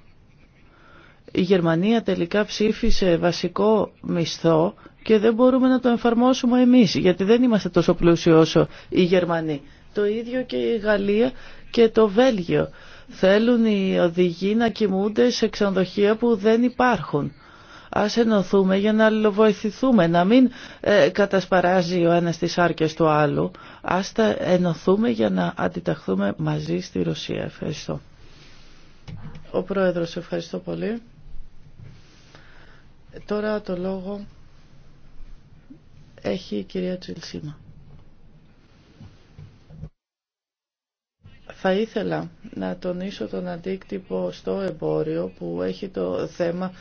Η Γερμανία τελικά ψήφισε βασικό μισθό και δεν μπορούμε να το εφαρμόσουμε εμείς, γιατί δεν είμαστε τόσο πλούσιοι όσο οι Γερμανοί. Το ίδιο και η Γαλλία και το Βέλγιο. Θέλουν οι οδηγοί να κοιμούνται σε ξενοδοχεία που δεν υπάρχουν. Ας ενωθούμε για να αλληλοβοηθηθούμε, να μην ε, κατασπαράζει ο ένας τις άρκες του άλλου. Ας τα ενωθούμε για να αντιταχθούμε μαζί στη Ρωσία. Ευχαριστώ. Ο Πρόεδρος, ευχαριστώ πολύ. Τώρα το λόγο έχει η κυρία Τσιλσίμα. Θα ήθελα να τονίσω τον αντίκτυπο στο εμπόριο που έχει το θέμα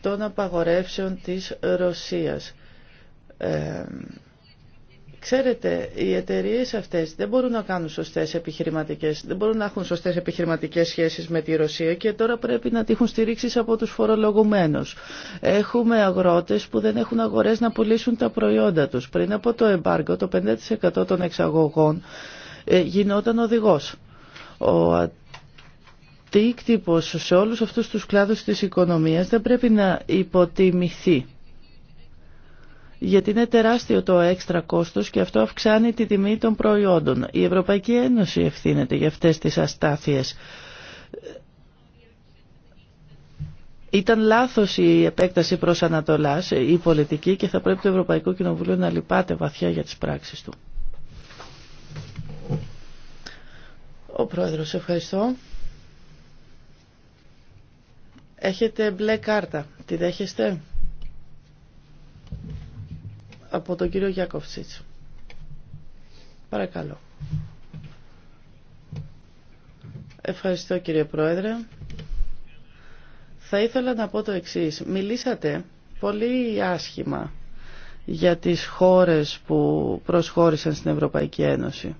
των απαγορεύσεων της Ρωσίας. Ε, ξέρετε, οι εταιρείες αυτές δεν μπορούν να κάνουν σωστές επιχειρηματικές, δεν μπορούν να έχουν σωστές επιχειρηματικές σχέσεις με τη Ρωσία και τώρα πρέπει να τύχουν στηρίξεις από τους φορολογουμένους. Έχουμε αγρότες που δεν έχουν αγορές να πουλήσουν τα προϊόντα τους. Πριν από το εμπάργκο, το 5% των εξαγωγών ε, γινόταν οδηγός. Ο αντίκτυπος σε όλους αυτούς τους κλάδους της οικονομίας δεν πρέπει να υποτιμηθεί γιατί είναι τεράστιο το έξτρα κόστος και αυτό αυξάνει τη τιμή των προϊόντων. Η Ευρωπαϊκή Ένωση ευθύνεται για αυτές τις αστάθειες. Ήταν λάθος η επέκταση προς Ανατολάς, η πολιτική και θα πρέπει το Ευρωπαϊκό Κοινοβούλιο να λυπάται βαθιά για τις πράξεις του. Ο Πρόεδρος, ευχαριστώ. Έχετε μπλε κάρτα. Τη δέχεστε? Από τον κύριο Γιάκοφτσιτς. Παρακαλώ. Ευχαριστώ κύριε Πρόεδρε. Θα ήθελα να πω το εξής. Μιλήσατε πολύ άσχημα για τις χώρες που προσχώρησαν στην Ευρωπαϊκή Ένωση.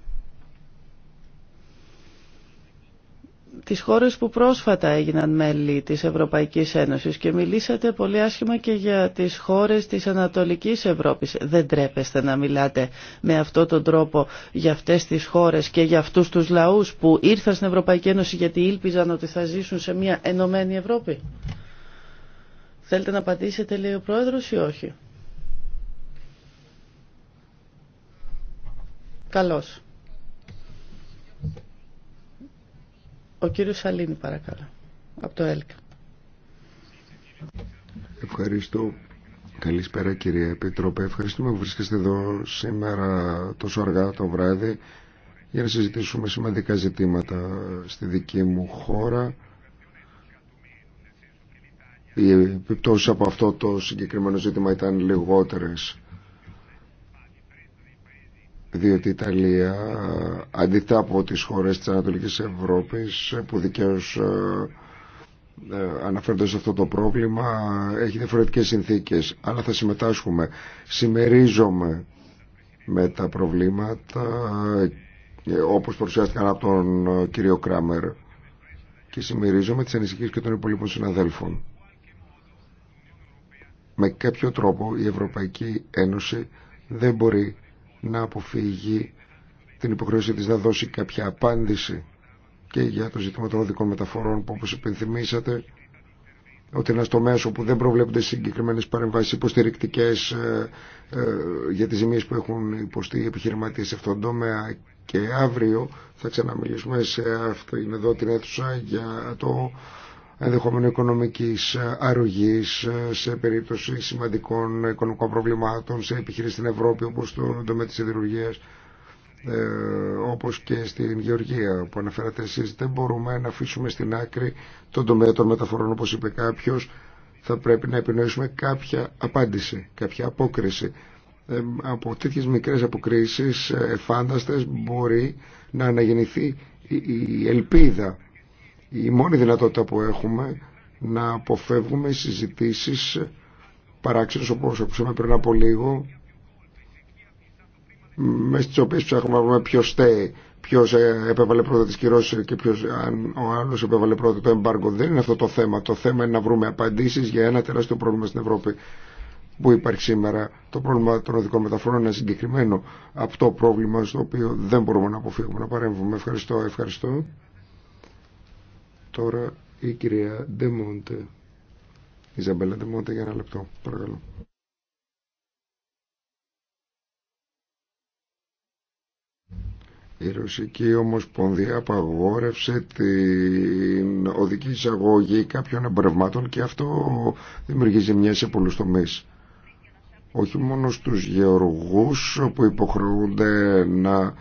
τις χώρες που πρόσφατα έγιναν μέλη της Ευρωπαϊκής Ένωσης και μιλήσατε πολύ άσχημα και για τις χώρες της Ανατολικής Ευρώπης. Δεν τρέπεστε να μιλάτε με αυτόν τον τρόπο για αυτές τις χώρες και για αυτούς τους λαούς που ήρθαν στην Ευρωπαϊκή Ένωση γιατί ήλπιζαν ότι θα ζήσουν σε μια ενωμένη Ευρώπη. Θέλετε να απαντήσετε λέει ο Πρόεδρος ή όχι. Καλώς. Ο κύριος Σαλίνη παρακαλώ, από το ΕΛΚΑ. Ευχαριστώ. Καλησπέρα κύριε Επιτρόπε. Ευχαριστούμε που βρίσκεστε εδώ σήμερα τόσο αργά το βράδυ για να συζητήσουμε σημαντικά ζητήματα στη δική μου χώρα. Οι επιπτώσεις από αυτό το συγκεκριμένο ζήτημα ήταν λιγότερες διότι η Ιταλία ε, αντίθετα από τις χώρες της Ανατολικής Ευρώπης ε, που δικαίως ε, αναφέρονται σε αυτό το πρόβλημα έχει διαφορετικές συνθήκες αλλά θα συμμετάσχουμε συμμερίζομαι με τα προβλήματα όπως παρουσιάστηκαν από τον κύριο Κράμερ και συμμερίζομαι τις ανησυχίες και των υπολείπων συναδέλφων με κάποιο τρόπο η Ευρωπαϊκή Ένωση δεν μπορεί να αποφύγει την υποχρέωση της να δώσει κάποια απάντηση και για το ζήτημα των οδικών μεταφορών που όπως υπενθυμίσατε ότι ένα μέσο όπου δεν προβλέπονται συγκεκριμένε παρεμβάσει υποστηρικτικέ ε, ε, για τι ζημίε που έχουν υποστεί οι επιχειρηματίε σε αυτόν τον τομέα. Και αύριο θα ξαναμιλήσουμε σε αυτήν εδώ την αίθουσα για το ενδεχομένου οικονομικής ε, αρρωγής ε, σε περίπτωση σημαντικών οικονομικών προβλημάτων σε επιχειρήσεις στην Ευρώπη όπως στον τομέα της ε, όπως και στην Γεωργία που αναφέρατε εσείς δεν μπορούμε να αφήσουμε στην άκρη τον τομέα των μεταφορών όπως είπε κάποιος θα πρέπει να επινοήσουμε κάποια απάντηση, κάποια απόκριση ε, από τέτοιες μικρές αποκρίσεις φάνταστες μπορεί να αναγεννηθεί η ελπίδα η μόνη δυνατότητα που έχουμε να αποφεύγουμε συζητήσεις παράξενες όπως ακούσαμε πριν από λίγο με στις οποίες ψάχνουμε να βρούμε ποιος στέει ποιο ε, επέβαλε πρώτα τι κυρώσει και ποιος, αν ο άλλο επέβαλε πρώτα το εμπάργκο. Δεν είναι αυτό το θέμα. Το θέμα είναι να βρούμε απαντήσει για ένα τεράστιο πρόβλημα στην Ευρώπη που υπάρχει σήμερα. Το πρόβλημα των οδικών μεταφορών είναι συγκεκριμένο Αυτό πρόβλημα στο οποίο δεν μπορούμε να αποφύγουμε να παρέμβουμε. Ευχαριστώ, ευχαριστώ. Τώρα η κυρία Ντεμόντε. Ιζαμπέλα Ντεμόντε για ένα λεπτό, παρακαλώ. Η Ρωσική Ομοσπονδία απαγόρευσε την οδική εισαγωγή κάποιων εμπορευμάτων και αυτό δημιουργεί ζημιά σε πολλούς τομείς. Όχι μόνο στους γεωργούς που υποχρεούνται να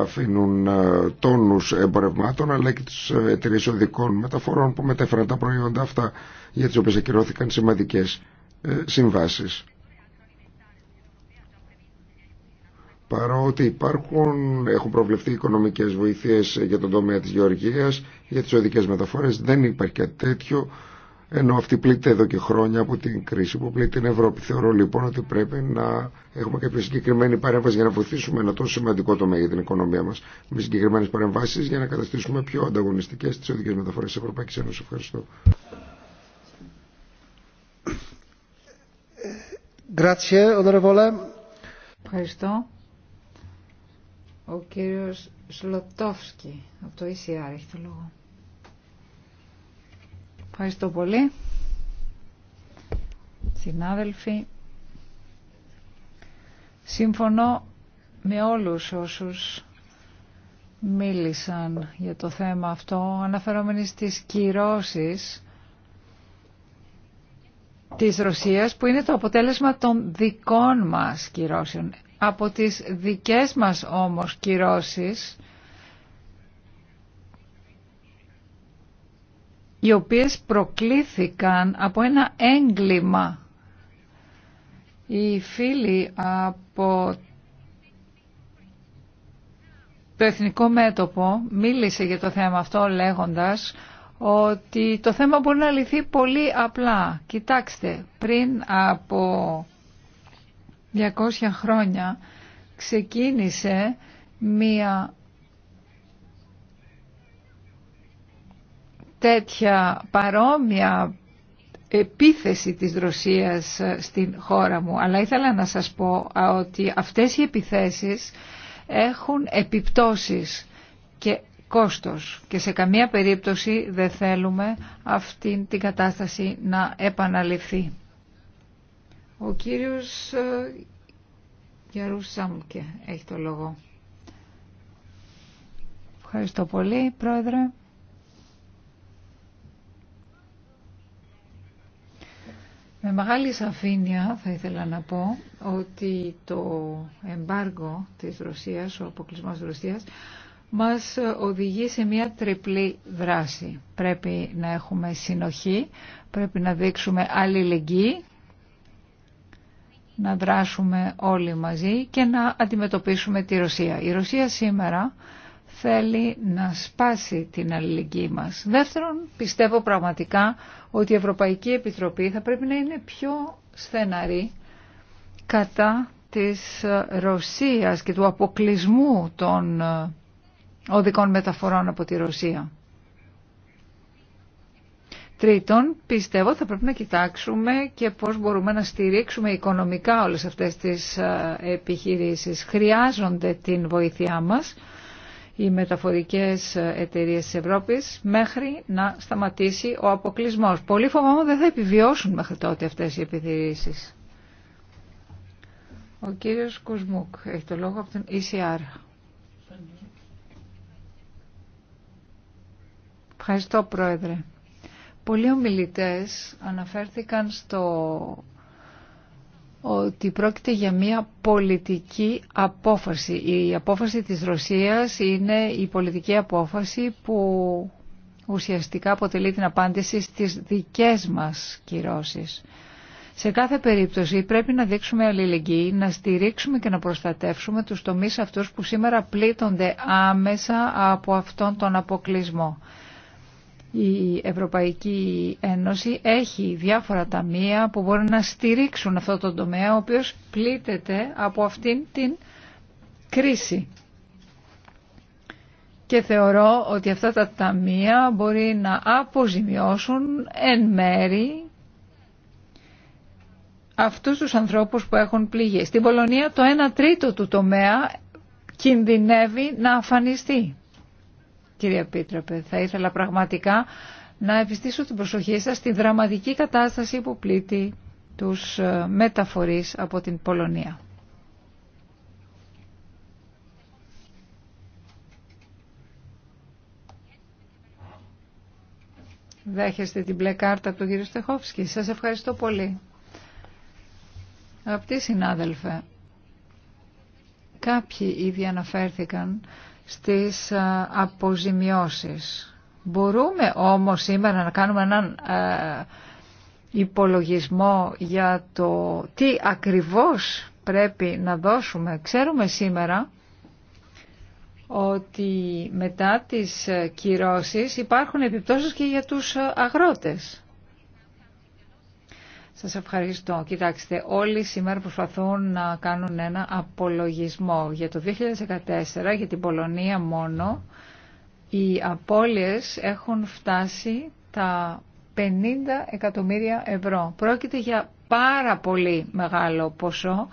αφήνουν ε, τόνους εμπορευμάτων αλλά και τις ε, εταιρείε οδικών μεταφορών που μετέφεραν τα προϊόντα αυτά για τις οποίες ακυρώθηκαν σημαντικές ε, συμβάσεις. Παρότι υπάρχουν, έχουν προβλεφθεί οικονομικές βοήθειες για τον τομέα της γεωργίας, για τις οδικές μεταφορές, δεν υπάρχει κάτι τέτοιο ενώ αυτή πλήττεται εδώ και χρόνια από την κρίση που πλήττει την Ευρώπη. Θεωρώ λοιπόν ότι πρέπει να έχουμε κάποια συγκεκριμένη παρέμβαση για να βοηθήσουμε ένα τόσο σημαντικό τομέα για την οικονομία μα με συγκεκριμένε παρεμβάσει για να καταστήσουμε πιο ανταγωνιστικέ τι οδικέ μεταφορέ τη Ευρωπαϊκή Ένωση. Ευχαριστώ. Ευχαριστώ. Ο κύριος Σλοτόφσκι από το ECR έχει το λόγο. Ευχαριστώ πολύ. Συνάδελφοι, σύμφωνο με όλους όσους μίλησαν για το θέμα αυτό, αναφερόμενοι στις κυρώσεις της Ρωσίας, που είναι το αποτέλεσμα των δικών μας κυρώσεων. Από τις δικές μας όμως κυρώσεις, οι οποίες προκλήθηκαν από ένα έγκλημα. Η φίλοι από το Εθνικό Μέτωπο μίλησε για το θέμα αυτό λέγοντας ότι το θέμα μπορεί να λυθεί πολύ απλά. Κοιτάξτε, πριν από 200 χρόνια ξεκίνησε μία τέτοια παρόμοια επίθεση της Ρωσίας στην χώρα μου. Αλλά ήθελα να σας πω ότι αυτές οι επιθέσεις έχουν επιπτώσεις και κόστος και σε καμία περίπτωση δεν θέλουμε αυτή την κατάσταση να επαναληφθεί. Ο κύριος ε, Γιαρούς και έχει το λόγο. Ευχαριστώ πολύ, Πρόεδρε. Με μεγάλη σαφήνεια θα ήθελα να πω ότι το εμπάργο της Ρωσίας, ο αποκλεισμός της Ρωσίας, μας οδηγεί σε μια τριπλή δράση. Πρέπει να έχουμε συνοχή, πρέπει να δείξουμε αλληλεγγύη, να δράσουμε όλοι μαζί και να αντιμετωπίσουμε τη Ρωσία. Η Ρωσία σήμερα θέλει να σπάσει την αλληλεγγύη μας. Δεύτερον, πιστεύω πραγματικά ότι η Ευρωπαϊκή Επιτροπή θα πρέπει να είναι πιο στεναρή κατά της Ρωσίας και του αποκλεισμού των ε, οδικών μεταφορών από τη Ρωσία. Τρίτον, πιστεύω θα πρέπει να κοιτάξουμε και πώς μπορούμε να στηρίξουμε οικονομικά όλες αυτές τις ε, επιχειρήσεις. Χρειάζονται την βοήθειά μας οι μεταφορικές εταιρείες της Ευρώπης μέχρι να σταματήσει ο αποκλεισμός. Πολύ φοβάμαι δεν θα επιβιώσουν μέχρι τότε αυτές οι επιχειρήσεις. Ο κύριος Κουσμούκ έχει το λόγο από την ECR. Ευχαριστώ Πρόεδρε. Πολλοί ομιλητές αναφέρθηκαν στο ότι πρόκειται για μια πολιτική απόφαση. Η απόφαση της Ρωσίας είναι η πολιτική απόφαση που ουσιαστικά αποτελεί την απάντηση στις δικές μας κυρώσεις. Σε κάθε περίπτωση πρέπει να δείξουμε αλληλεγγύη, να στηρίξουμε και να προστατεύσουμε τους τομείς αυτούς που σήμερα πλήττονται άμεσα από αυτόν τον αποκλεισμό. Η Ευρωπαϊκή Ένωση έχει διάφορα ταμεία που μπορούν να στηρίξουν αυτό το τομέα, ο οποίος πλήττεται από αυτήν την κρίση. Και θεωρώ ότι αυτά τα ταμεία μπορεί να αποζημιώσουν εν μέρη αυτούς τους ανθρώπους που έχουν πληγεί. Στην Πολωνία το 1 τρίτο του τομέα κινδυνεύει να αφανιστεί κύριε Επίτροπε. Θα ήθελα πραγματικά να επιστήσω την προσοχή σας στη δραματική κατάσταση που πλήττει τους ε, μεταφορείς από την Πολωνία. Δέχεστε την μπλε κάρτα του τον κύριο Σας ευχαριστώ πολύ. Αγαπητοί συνάδελφε, κάποιοι ήδη αναφέρθηκαν στις ε, αποζημιώσεις. Μπορούμε όμως σήμερα να κάνουμε έναν ε, υπολογισμό για το τι ακριβώς πρέπει να δώσουμε. Ξέρουμε σήμερα ότι μετά τις ε, κυρώσεις υπάρχουν επιπτώσεις και για τους αγρότες. Σας ευχαριστώ. Κοιτάξτε, όλοι σήμερα προσπαθούν να κάνουν ένα απολογισμό. Για το 2014, για την Πολωνία μόνο, οι απώλειες έχουν φτάσει τα 50 εκατομμύρια ευρώ. Πρόκειται για πάρα πολύ μεγάλο ποσό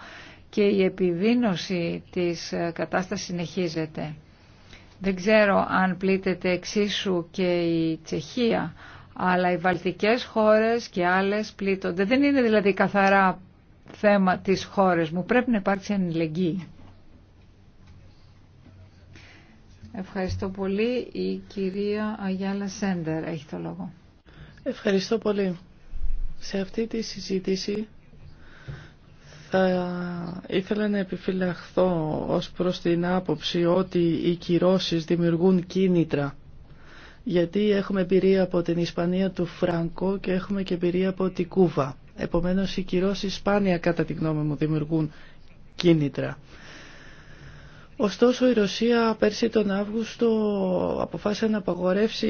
και η επιδείνωση της κατάστασης συνεχίζεται. Δεν ξέρω αν πλήττεται εξίσου και η Τσεχία, αλλά οι βαλτικές χώρες και άλλες πλήττονται. Δεν είναι δηλαδή καθαρά θέμα της χώρες μου. Πρέπει να υπάρξει ανηλεγγύη. Ευχαριστώ πολύ. Η κυρία Αγιάλα Σέντερ έχει το λόγο. Ευχαριστώ πολύ. Σε αυτή τη συζήτηση θα ήθελα να επιφυλαχθώ ως προς την άποψη ότι οι κυρώσεις δημιουργούν κίνητρα γιατί έχουμε εμπειρία από την Ισπανία του Φρανκό και έχουμε και εμπειρία από την Κούβα. Επομένως οι κυρώσεις σπάνια κατά τη γνώμη μου δημιουργούν κίνητρα. Ωστόσο η Ρωσία πέρσι τον Αύγουστο αποφάσισε να απαγορεύσει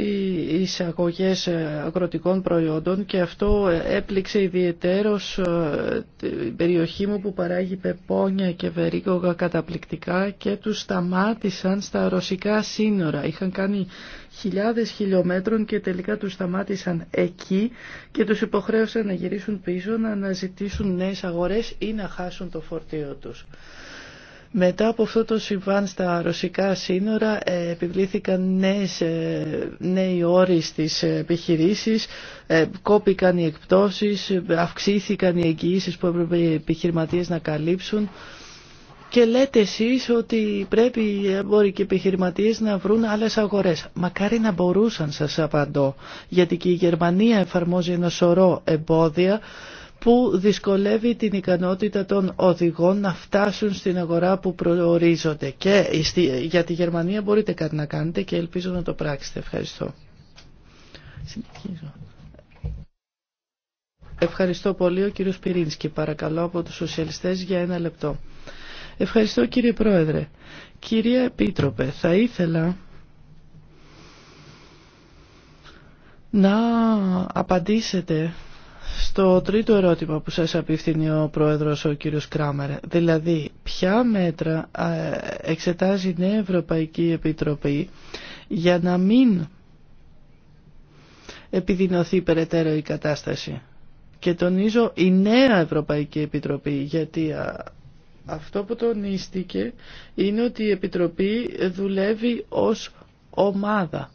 εισαγωγές αγροτικών προϊόντων και αυτό έπληξε ιδιαιτέρως ε, την περιοχή μου που παράγει πεπόνια και βερίκογα καταπληκτικά και τους σταμάτησαν στα ρωσικά σύνορα. Είχαν κάνει χιλιάδες χιλιόμετρων και τελικά τους σταμάτησαν εκεί και τους υποχρέωσαν να γυρίσουν πίσω να αναζητήσουν νέες αγορές ή να χάσουν το φορτίο τους. Μετά από αυτό το συμβάν στα ρωσικά σύνορα ε, επιβλήθηκαν νέες, ε, νέοι όροι στις επιχειρήσεις, ε, κόπηκαν οι εκπτώσεις, αυξήθηκαν οι εγγυήσεις που έπρεπε οι επιχειρηματίες να καλύψουν. Και λέτε εσείς ότι πρέπει οι εμπόροι και οι επιχειρηματίες να βρουν άλλες αγορές. Μακάρι να μπορούσαν σας απαντώ, γιατί και η Γερμανία εφαρμόζει ένα σωρό εμπόδια που δυσκολεύει την ικανότητα των οδηγών να φτάσουν στην αγορά που προορίζονται. Και για τη Γερμανία μπορείτε κάτι να κάνετε και ελπίζω να το πράξετε. Ευχαριστώ. Ευχαριστώ πολύ ο κύριος Πυρίνσκι. Παρακαλώ από τους σοσιαλιστές για ένα λεπτό. Ευχαριστώ κύριε Πρόεδρε. Κυρία Επίτροπε, θα ήθελα να απαντήσετε στο τρίτο ερώτημα που σας απευθύνει ο Πρόεδρος ο κύριος Κράμερ, δηλαδή ποια μέτρα εξετάζει η Νέα Ευρωπαϊκή Επιτροπή για να μην επιδεινωθεί περαιτέρω η κατάσταση. Και τονίζω η Νέα Ευρωπαϊκή Επιτροπή, γιατί αυτό που τονίστηκε είναι ότι η Επιτροπή δουλεύει ως ομάδα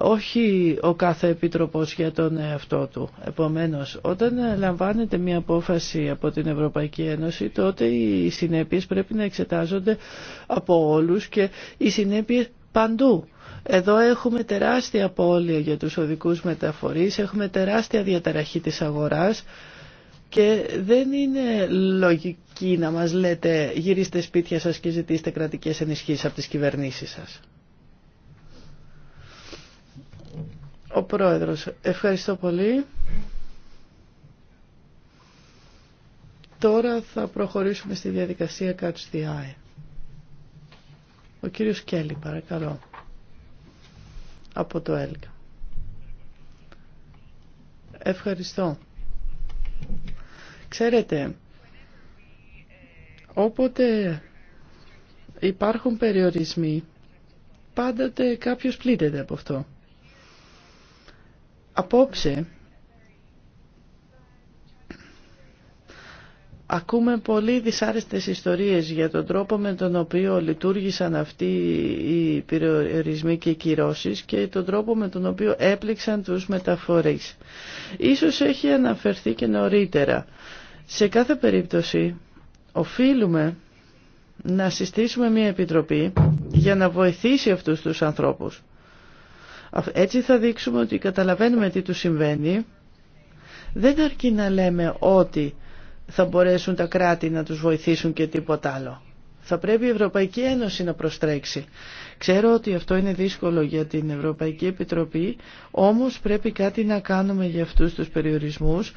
όχι ο κάθε επίτροπος για τον εαυτό του. Επομένως, όταν λαμβάνεται μια απόφαση από την Ευρωπαϊκή Ένωση, τότε οι συνέπειες πρέπει να εξετάζονται από όλους και οι συνέπειες παντού. Εδώ έχουμε τεράστια απώλεια για τους οδικούς μεταφορείς, έχουμε τεράστια διαταραχή της αγοράς και δεν είναι λογική να μας λέτε γυρίστε σπίτια σας και ζητήστε κρατικές ενισχύσεις από τις κυβερνήσεις σας. Ο Πρόεδρος, ευχαριστώ πολύ. Τώρα θα προχωρήσουμε στη διαδικασία Catch Ο κύριος Κέλλη, παρακαλώ, από το ΕΛΚΑ. Ευχαριστώ. Ξέρετε, όποτε υπάρχουν περιορισμοί, πάντοτε κάποιος πλήττεται από αυτό. Απόψε ακούμε πολύ δυσάρεστες ιστορίες για τον τρόπο με τον οποίο λειτουργήσαν αυτοί οι περιορισμοί και οι κυρώσεις και τον τρόπο με τον οποίο έπληξαν τους μεταφορείς. Ίσως έχει αναφερθεί και νωρίτερα. Σε κάθε περίπτωση οφείλουμε να συστήσουμε μια επιτροπή για να βοηθήσει αυτούς τους ανθρώπους. Έτσι θα δείξουμε ότι καταλαβαίνουμε τι του συμβαίνει. Δεν αρκεί να λέμε ότι θα μπορέσουν τα κράτη να τους βοηθήσουν και τίποτα άλλο. Θα πρέπει η Ευρωπαϊκή Ένωση να προστρέξει. Ξέρω ότι αυτό είναι δύσκολο για την Ευρωπαϊκή Επιτροπή, όμως πρέπει κάτι να κάνουμε για αυτούς τους περιορισμούς,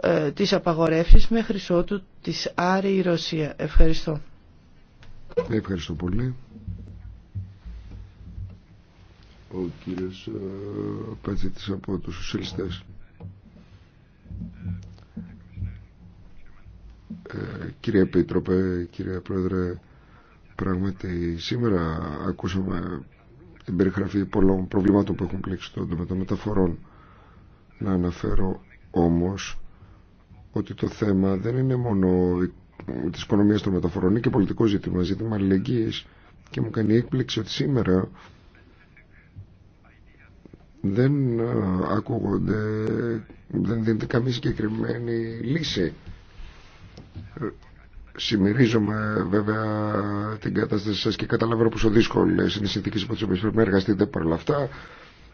ε, τις απαγορεύσεις μέχρι ότου της άρει η Ρωσία. Ευχαριστώ. Ευχαριστώ πολύ ο κύριος ε, Πατζήτης από τους σοσιαλιστές. Ε, κύριε Επίτροπε, κύριε Πρόεδρε, πράγματι σήμερα ακούσαμε την περιγραφή πολλών προβλημάτων που έχουν πλήξει το τομέα των μεταφορών. Να αναφέρω όμως ότι το θέμα δεν είναι μόνο της οικονομίας των μεταφορών, είναι και πολιτικό ζήτημα, ζήτημα αλληλεγγύης και μου κάνει έκπληξη ότι σήμερα δεν ε, ακούγονται, δεν δίνεται καμία συγκεκριμένη λύση. Ε, συμμερίζομαι βέβαια την κατάσταση σας και καταλαβαίνω πόσο δύσκολε είναι οι συνθήκες που τις οποίες πρέπει να εργαστείτε παρ' όλα αυτά.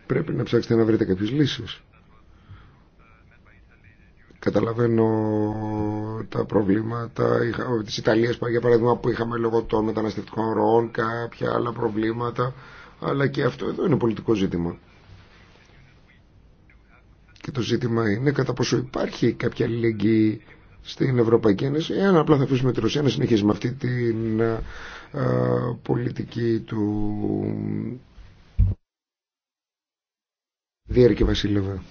Πρέπει να ψάξετε να βρείτε κάποιες λύσεις. Καταλαβαίνω τα προβλήματα τη Ιταλία, για παράδειγμα που είχαμε λόγω των μεταναστευτικών ροών κάποια άλλα προβλήματα αλλά και αυτό εδώ είναι πολιτικό ζήτημα. Και το ζήτημα είναι κατά πόσο υπάρχει κάποια αλληλεγγύη στην Ευρωπαϊκή Ένωση, εάν απλά θα αφήσουμε τη Ρωσία να συνεχίσει με αυτή την πολιτική του διάρκεια Βασίλευα.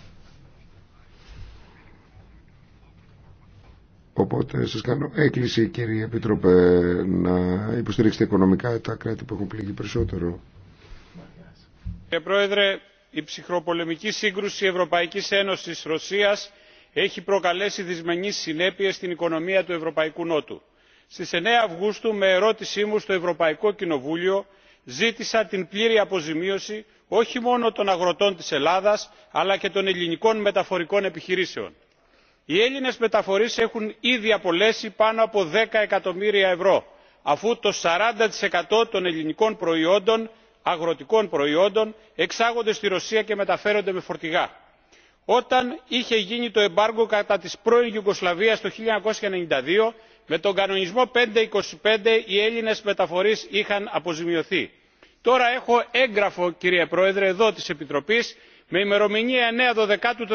Οπότε σας κάνω έκκληση κύριε Επίτροπε να υποστηρίξετε οικονομικά τα κράτη που έχουν πληγεί περισσότερο. Κύριε Πρόεδρε, η ψυχροπολεμική σύγκρουση ευρωπαϊκής ένωσης ρωσίας έχει προκαλέσει δυσμενείς συνέπειες στην οικονομία του ευρωπαϊκού νότου. στις 9 αυγούστου με ερώτησή μου στο ευρωπαϊκό κοινοβούλιο ζήτησα την πλήρη αποζημίωση όχι μόνο των αγροτών της ελλάδας αλλά και των ελληνικών μεταφορικών επιχειρήσεων. οι έλληνες μεταφορείς έχουν ήδη απολέσει πάνω από 10 εκατομμύρια ευρώ αφού το 40% των ελληνικών προϊόντων αγροτικών προϊόντων εξάγονται στη ρωσία και μεταφέρονται με φορτηγά. όταν είχε γίνει το εμπάργκο κατά της πρώην ιουγκοσλαβίας το 1992 με τον κανονισμό 525 οι έλληνες μεταφορείς είχαν αποζημιωθεί. τώρα έχω έγγραφο κύριε πρόεδρε εδώ της επιτροπής με ημερομηνία 9 του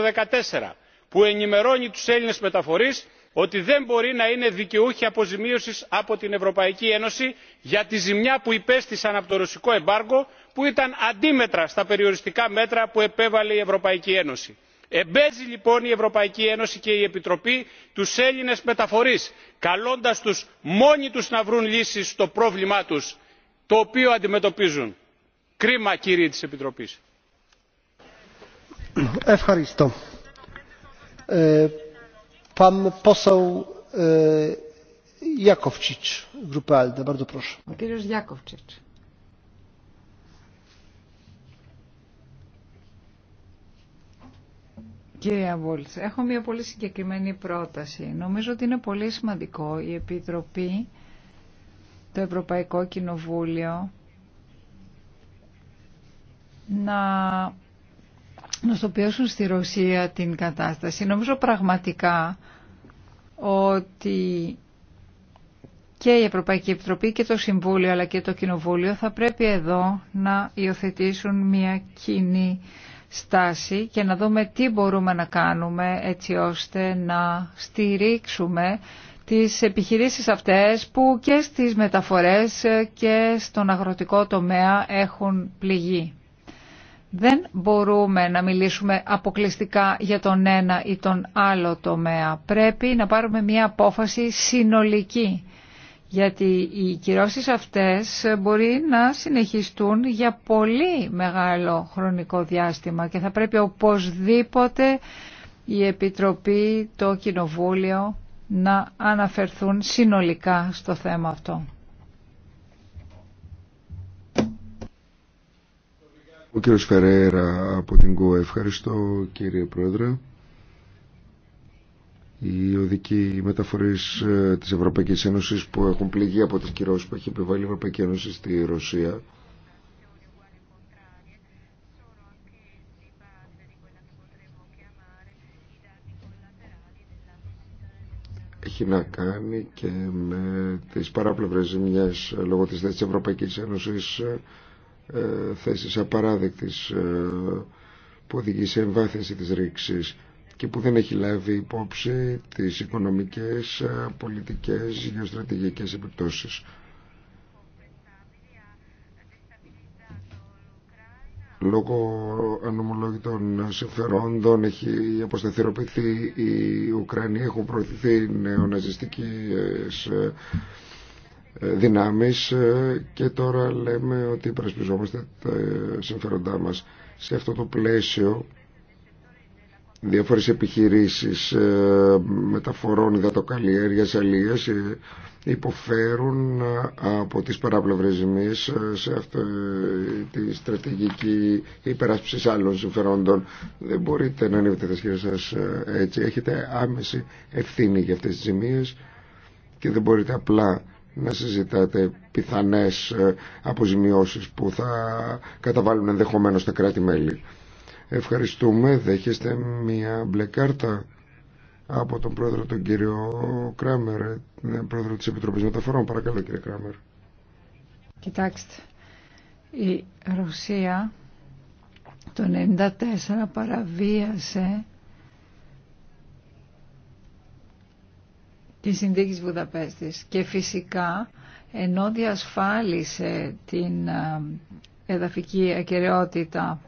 2014 που ενημερώνει τους έλληνες μεταφορείς ότι δεν μπορεί να είναι δικαιούχοι αποζημίωσης από την ευρωπαϊκή ένωση για τη ζημιά που υπέστησαν από το ρωσικό εμπάργκο που ήταν αντίμετρα στα περιοριστικά μέτρα που επέβαλε η ευρωπαϊκή ένωση. εμπέζει λοιπόν η ευρωπαϊκή ένωση και η επιτροπή τους έλληνες μεταφορείς καλώντας τους μόνοι τους να βρουν λύσεις στο πρόβλημά τους το οποίο αντιμετωπίζουν. κρίμα κύριοι της επιτροπής. Ευχαριστώ. Ε, E, Κύριε Βόλτς, έχω μια πολύ συγκεκριμένη πρόταση. Νομίζω ότι είναι πολύ σημαντικό η Επιτροπή, το Ευρωπαϊκό Κοινοβούλιο, να νοστοποιώσουν στη Ρωσία την κατάσταση. Νομίζω πραγματικά ότι και η Ευρωπαϊκή Επιτροπή και το Συμβούλιο αλλά και το Κοινοβούλιο θα πρέπει εδώ να υιοθετήσουν μια κοινή στάση και να δούμε τι μπορούμε να κάνουμε έτσι ώστε να στηρίξουμε τις επιχειρήσεις αυτές που και στις μεταφορές και στον αγροτικό τομέα έχουν πληγεί. Δεν μπορούμε να μιλήσουμε αποκλειστικά για τον ένα ή τον άλλο τομέα. Πρέπει να πάρουμε μια απόφαση συνολική. Γιατί οι κυρώσεις αυτές μπορεί να συνεχιστούν για πολύ μεγάλο χρονικό διάστημα και θα πρέπει οπωσδήποτε η Επιτροπή, το Κοινοβούλιο να αναφερθούν συνολικά στο θέμα αυτό. Ο κύριος Φεραίρα από την ΚΟΕ. Ευχαριστώ κύριε Πρόεδρε. Οι οδικοί μεταφορείς ε, της Ευρωπαϊκής Ένωσης που έχουν πληγεί από τις κυρώσεις που έχει επιβάλει η Ευρωπαϊκή Ένωση στη Ρωσία έχει να κάνει και με τις παράπλευρες ζημιές λόγω της θέσης της Ευρωπαϊκής Ένωσης ε, ε, θέσεις απαράδεκτης ε, που οδηγεί σε εμβάθυνση της ρήξης και που δεν έχει λάβει υπόψη τις οικονομικές, ε, πολιτικές, γεωστρατηγικές επιπτώσεις. Λόγω ανομολόγητων συμφερόντων έχει αποσταθεροποιηθεί η Ουκρανία, έχουν προωθηθεί νεοναζιστικές δυνάμεις ε, και τώρα λέμε ότι υπερασπιζόμαστε τα ε, συμφέροντά μας. Σε αυτό το πλαίσιο διάφορες επιχειρήσεις ε, μεταφορών υδατοκαλλιέργειας αλίας υποφέρουν από τις παράπλευρες ζημίες σε αυτή τη στρατηγική υπεράσπιση άλλων συμφερόντων. Δεν μπορείτε να ανέβετε τα σχέδια σας έτσι. Έχετε άμεση ευθύνη για αυτές τις ζημίες και δεν μπορείτε απλά να συζητάτε πιθανές ε, αποζημιώσεις που θα καταβάλουν ενδεχομένως τα κράτη-μέλη. Ευχαριστούμε. Δέχεστε μια μπλε κάρτα από τον πρόεδρο τον κύριο Κράμερ, ε, ναι, πρόεδρο της Επιτροπής Μεταφορών. Παρακαλώ κύριε Κράμερ. Κοιτάξτε, η Ρωσία το 1994 παραβίασε της τη Βουδαπέστης. Και φυσικά, ενώ διασφάλισε την ε, εδαφική ακεραιότητα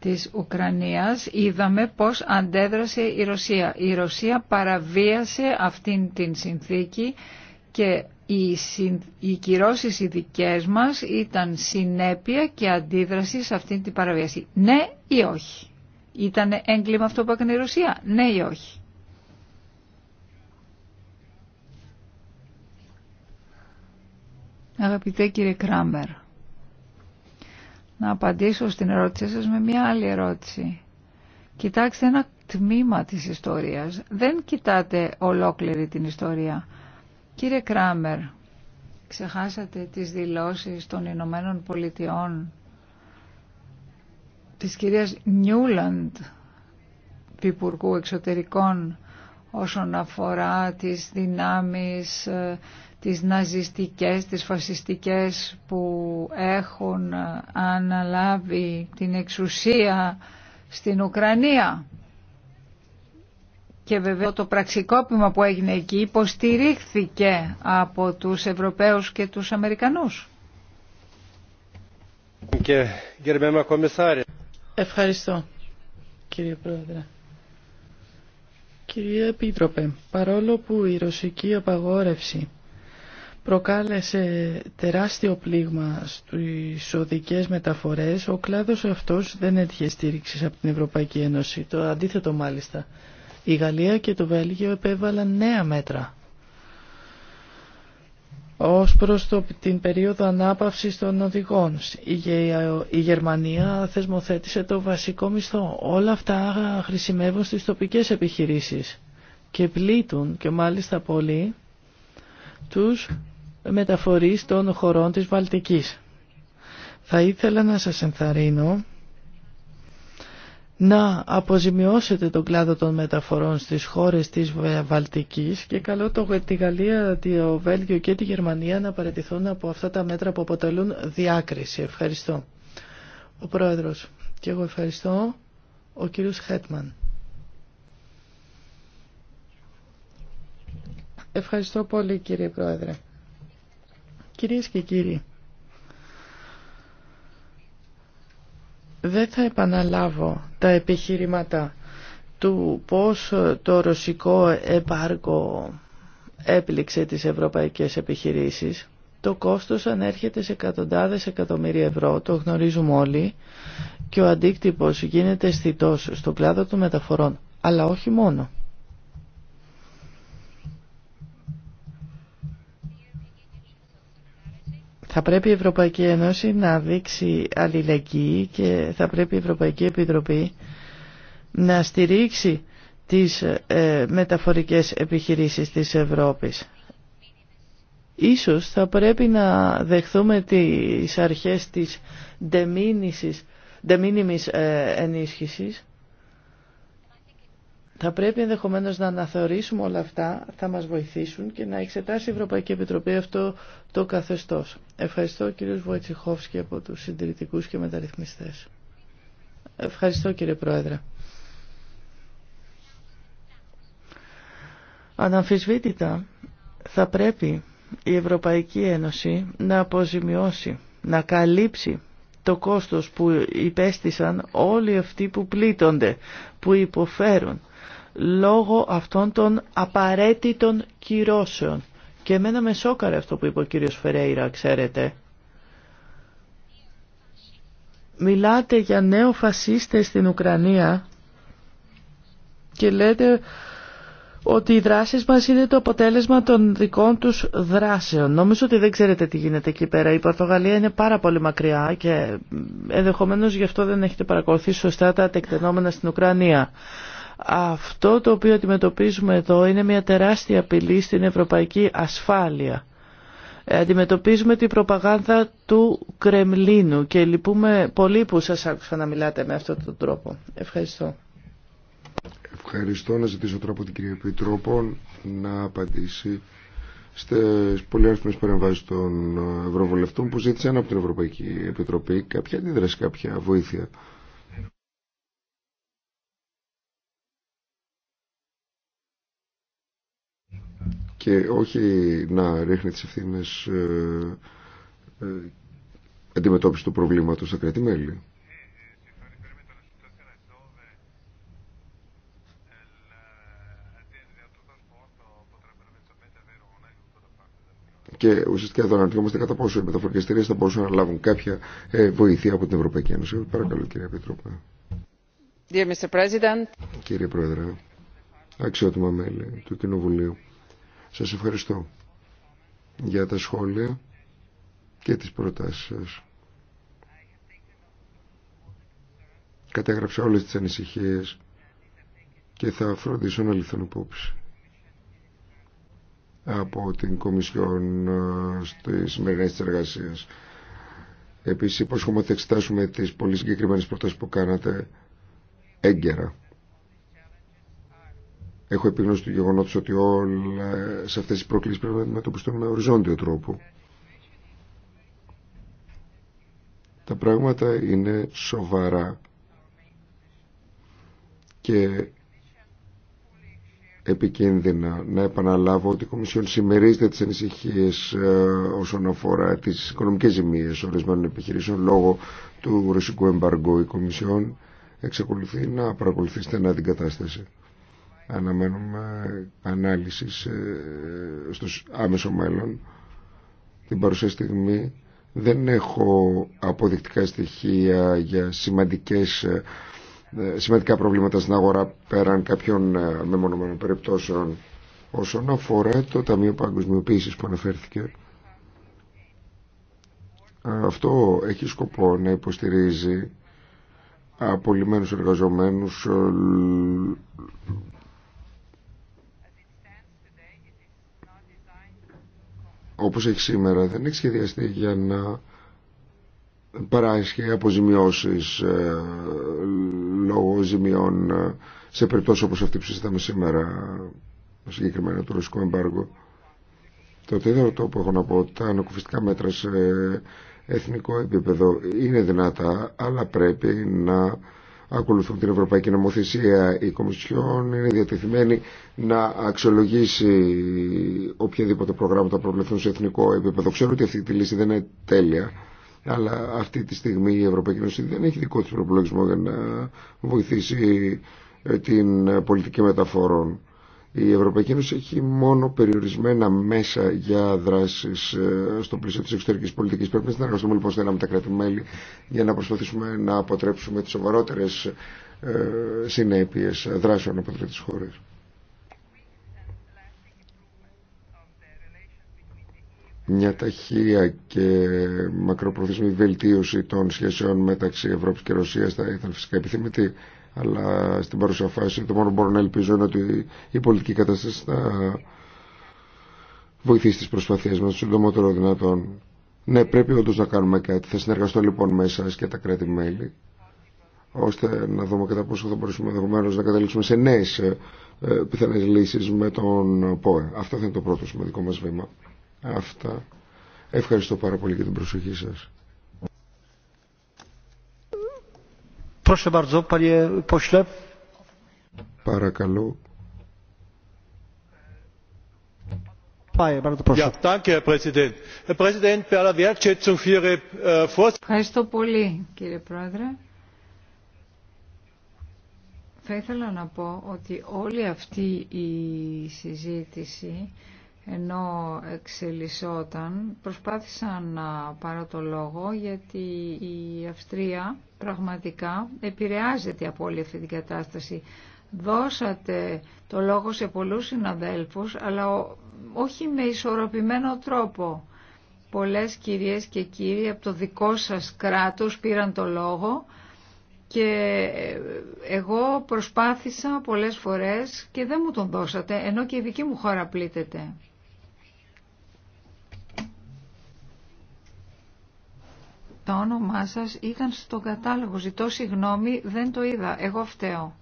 της Ουκρανίας, είδαμε πώς αντέδρασε η Ρωσία. Η Ρωσία παραβίασε αυτήν την συνθήκη και οι, συν, οι κυρώσεις οι δικές μας ήταν συνέπεια και αντίδραση σε αυτήν την παραβίαση. Ναι ή όχι. Ήταν έγκλημα αυτό που έκανε η Ρωσία. Ναι ή όχι. Αγαπητέ κύριε Κράμερ, να απαντήσω στην ερώτησή σας με μια άλλη ερώτηση. Κοιτάξτε ένα τμήμα της ιστορίας. Δεν κοιτάτε ολόκληρη την ιστορία. Κύριε Κράμερ, ξεχάσατε τις δηλώσεις των Ηνωμένων Πολιτειών της κυρίας Νιούλαντ, Υπουργού Εξωτερικών, όσον αφορά τις δυνάμεις τις ναζιστικές, τις φασιστικές που έχουν αναλάβει την εξουσία στην Ουκρανία. Και βέβαια το πραξικόπημα που έγινε εκεί υποστηρίχθηκε από τους Ευρωπαίους και τους Αμερικανούς. Ευχαριστώ κύριε Πρόεδρε. Κυρία Επίτροπε, παρόλο που η ρωσική απαγόρευση προκάλεσε τεράστιο πλήγμα στις οδικές μεταφορές. Ο κλάδος αυτός δεν έτυχε στήριξη από την Ευρωπαϊκή Ένωση. Το αντίθετο μάλιστα. Η Γαλλία και το Βέλγιο επέβαλαν νέα μέτρα ως προς το, την περίοδο ανάπαυσης των οδηγών. Η, Γερμανία θεσμοθέτησε το βασικό μισθό. Όλα αυτά χρησιμεύουν στις τοπικές επιχειρήσεις και πλήττουν και μάλιστα πολύ τους μεταφορής των χωρών της Βαλτικής. Θα ήθελα να σας ενθαρρύνω να αποζημιώσετε τον κλάδο των μεταφορών στις χώρες της Βαλτικής και καλό το, τη Γαλλία, το Βέλγιο και τη Γερμανία να παραιτηθούν από αυτά τα μέτρα που αποτελούν διάκριση. Ευχαριστώ. Ο Πρόεδρος. Και εγώ ευχαριστώ. Ο κύριος Χέτμαν. Ευχαριστώ πολύ κύριε Πρόεδρε. Κυρίες και κύριοι, δεν θα επαναλάβω τα επιχειρήματα του πώς το ρωσικό επάρκο έπληξε τις ευρωπαϊκές επιχειρήσεις. Το κόστος ανέρχεται σε εκατοντάδες εκατομμύρια ευρώ, το γνωρίζουμε όλοι, και ο αντίκτυπος γίνεται αισθητός στον κλάδο των μεταφορών, αλλά όχι μόνο. Θα πρέπει η Ευρωπαϊκή Ένωση να δείξει αλληλεγγύη και θα πρέπει η Ευρωπαϊκή Επιτροπή να στηρίξει τις ε, μεταφορικές επιχειρήσεις της Ευρώπης. Ίσως θα πρέπει να δεχθούμε τις αρχές της ε, ενίσχυσης θα πρέπει ενδεχομένως να αναθεωρήσουμε όλα αυτά, θα μας βοηθήσουν και να εξετάσει η Ευρωπαϊκή Επιτροπή αυτό το καθεστώς. Ευχαριστώ κύριο Βοητσιχόφσκι από τους συντηρητικούς και μεταρρυθμιστές. Ευχαριστώ κύριε Πρόεδρε. Αναμφισβήτητα θα πρέπει η Ευρωπαϊκή Ένωση να αποζημιώσει, να καλύψει το κόστος που υπέστησαν όλοι αυτοί που πλήττονται, που υποφέρουν λόγω αυτών των απαραίτητων κυρώσεων. Και εμένα με σόκαρε αυτό που είπε ο κύριος Φερέιρα, ξέρετε. Μιλάτε για νέο φασίστες στην Ουκρανία και λέτε ότι οι δράσεις μας είναι το αποτέλεσμα των δικών τους δράσεων. Νομίζω ότι δεν ξέρετε τι γίνεται εκεί πέρα. Η Πορτογαλία είναι πάρα πολύ μακριά και ενδεχομένως γι' αυτό δεν έχετε παρακολουθήσει σωστά τα τεκτενόμενα στην Ουκρανία. Αυτό το οποίο αντιμετωπίζουμε εδώ είναι μια τεράστια απειλή στην ευρωπαϊκή ασφάλεια. Ε, αντιμετωπίζουμε την προπαγάνδα του Κρεμλίνου και λυπούμε πολύ που σας άκουσα να μιλάτε με αυτόν τον τρόπο. Ευχαριστώ. Ευχαριστώ να ζητήσω τώρα από την κυρία Επιτρόπο να απαντήσει στις πολυάριθμες παρεμβάσεις των Ευρωβουλευτών που ζήτησαν από την Ευρωπαϊκή Επιτροπή κάποια αντίδραση, κάποια βοήθεια. και όχι να ρίχνει τις ευθύνες ε, ε αντιμετώπιση του προβλήματος στα κράτη-μέλη. Και ουσιαστικά εδώ αναρωτιόμαστε κατά πόσο οι μεταφορικέ εταιρείε θα μπορούσαν να λάβουν κάποια ε, βοήθεια από την Ευρωπαϊκή Ένωση. Παρακαλώ, κύριε Επιτρόπε. Κύριε Πρόεδρε, αξιότιμα μέλη του Κοινοβουλίου. Σας ευχαριστώ για τα σχόλια και τις προτάσεις σας. Κατέγραψα όλες τις ανησυχίες και θα φροντίσω να λυθούν υπόψη από την Κομισιόν ε, στις σημερινές της εργασίας. Επίσης υπόσχομαι ότι θα εξετάσουμε τις πολύ συγκεκριμένες προτάσεις που κάνατε έγκαιρα έχω επίγνωση του γεγονότος ότι όλα σε αυτές τις προκλήσεις πρέπει να αντιμετωπιστούν με οριζόντιο τρόπο. Τα πράγματα είναι σοβαρά και επικίνδυνα. Να επαναλάβω ότι η Κομισιόν συμμερίζεται τις ανησυχίες ε, όσον αφορά τις οικονομικές ζημίες ορισμένων επιχειρήσεων λόγω του ρωσικού εμπαργού. Η Κομισιόν εξακολουθεί να παρακολουθεί στενά την κατάσταση αναμένουμε ανάλυση στο άμεσο μέλλον. Την παρουσία στιγμή δεν έχω αποδεικτικά στοιχεία για σημαντικές, ε, σημαντικά προβλήματα στην αγορά πέραν κάποιων ε, μεμονωμένων περιπτώσεων όσον αφορά το Ταμείο Παγκοσμιοποίησης που αναφέρθηκε. Ε, αυτό έχει σκοπό να υποστηρίζει απολυμμένους εργαζομένους όπως έχει σήμερα δεν έχει σχεδιαστεί για να παράσχει αποζημιώσεις ε, λόγω ζημιών ε, σε περιπτώσεις όπως αυτή που συζητάμε σήμερα συγκεκριμένα το ρωσικό εμπάργο. Το το που έχω να πω, τα ανακουφιστικά μέτρα σε εθνικό επίπεδο είναι δυνατά, αλλά πρέπει να ακολουθούν την Ευρωπαϊκή Νομοθεσία. Η Κομισιόν είναι διατεθειμένη να αξιολογήσει οποιαδήποτε προγράμματα προβλεφθούν σε εθνικό επίπεδο. Ξέρω ότι αυτή τη λύση δεν είναι τέλεια, αλλά αυτή τη στιγμή η Ευρωπαϊκή Ένωση δεν έχει δικό της προπολογισμό για να βοηθήσει ε, την ε, πολιτική μεταφορών. Η Ευρωπαϊκή Ένωση έχει μόνο περιορισμένα μέσα για δράσει ε, στο πλαίσιο τη εξωτερική πολιτική. Πρέπει να συνεργαστούμε λοιπόν στενά με τα κράτη-μέλη για να προσπαθήσουμε να αποτρέψουμε τι σοβαρότερε ε, συνέπειε δράσεων από τρίτε χώρε. μια ταχεία και μακροπροθεσμή βελτίωση των σχέσεων μεταξύ Ευρώπη και Ρωσίας θα ήταν φυσικά επιθυμητή αλλά στην παρουσία φάση το μόνο που μπορώ να ελπίζω είναι ότι η πολιτική κατάσταση θα βοηθήσει τις προσπαθίες μας συντομότερο δυνατόν. Ναι, πρέπει όντως να κάνουμε κάτι. Θα συνεργαστώ λοιπόν με εσάς και τα κράτη-μέλη ώστε να δούμε κατά πόσο θα μπορούσαμε ενδεχομένω να καταλήξουμε σε νέε πιθανέ λύσει με τον ΠΟΕ. Αυτό θα είναι το πρώτο σημαντικό μα βήμα. Αυτά. Ευχαριστώ πάρα πολύ για την προσοχή σας. Ευχαριστώ πολύ κύριε Πρόεδρε. Θα ήθελα να πω ότι όλη αυτή η συζήτηση ενώ εξελισσόταν προσπάθησα να πάρω το λόγο γιατί η Αυστρία πραγματικά επηρεάζεται από όλη αυτή την κατάσταση. Δώσατε το λόγο σε πολλούς συναδέλφους, αλλά όχι με ισορροπημένο τρόπο. Πολλές κυρίες και κύριοι από το δικό σας κράτος πήραν το λόγο και εγώ προσπάθησα πολλές φορές και δεν μου τον δώσατε, ενώ και η δική μου χώρα πλήττεται. το όνομά σας ήταν στον κατάλογο. Ζητώ συγγνώμη, δεν το είδα. Εγώ φταίω.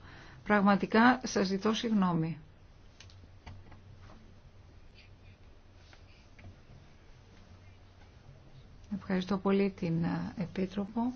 Πραγματικά σας ζητώ συγγνώμη. Ευχαριστώ πολύ την ε, Επίτροπο.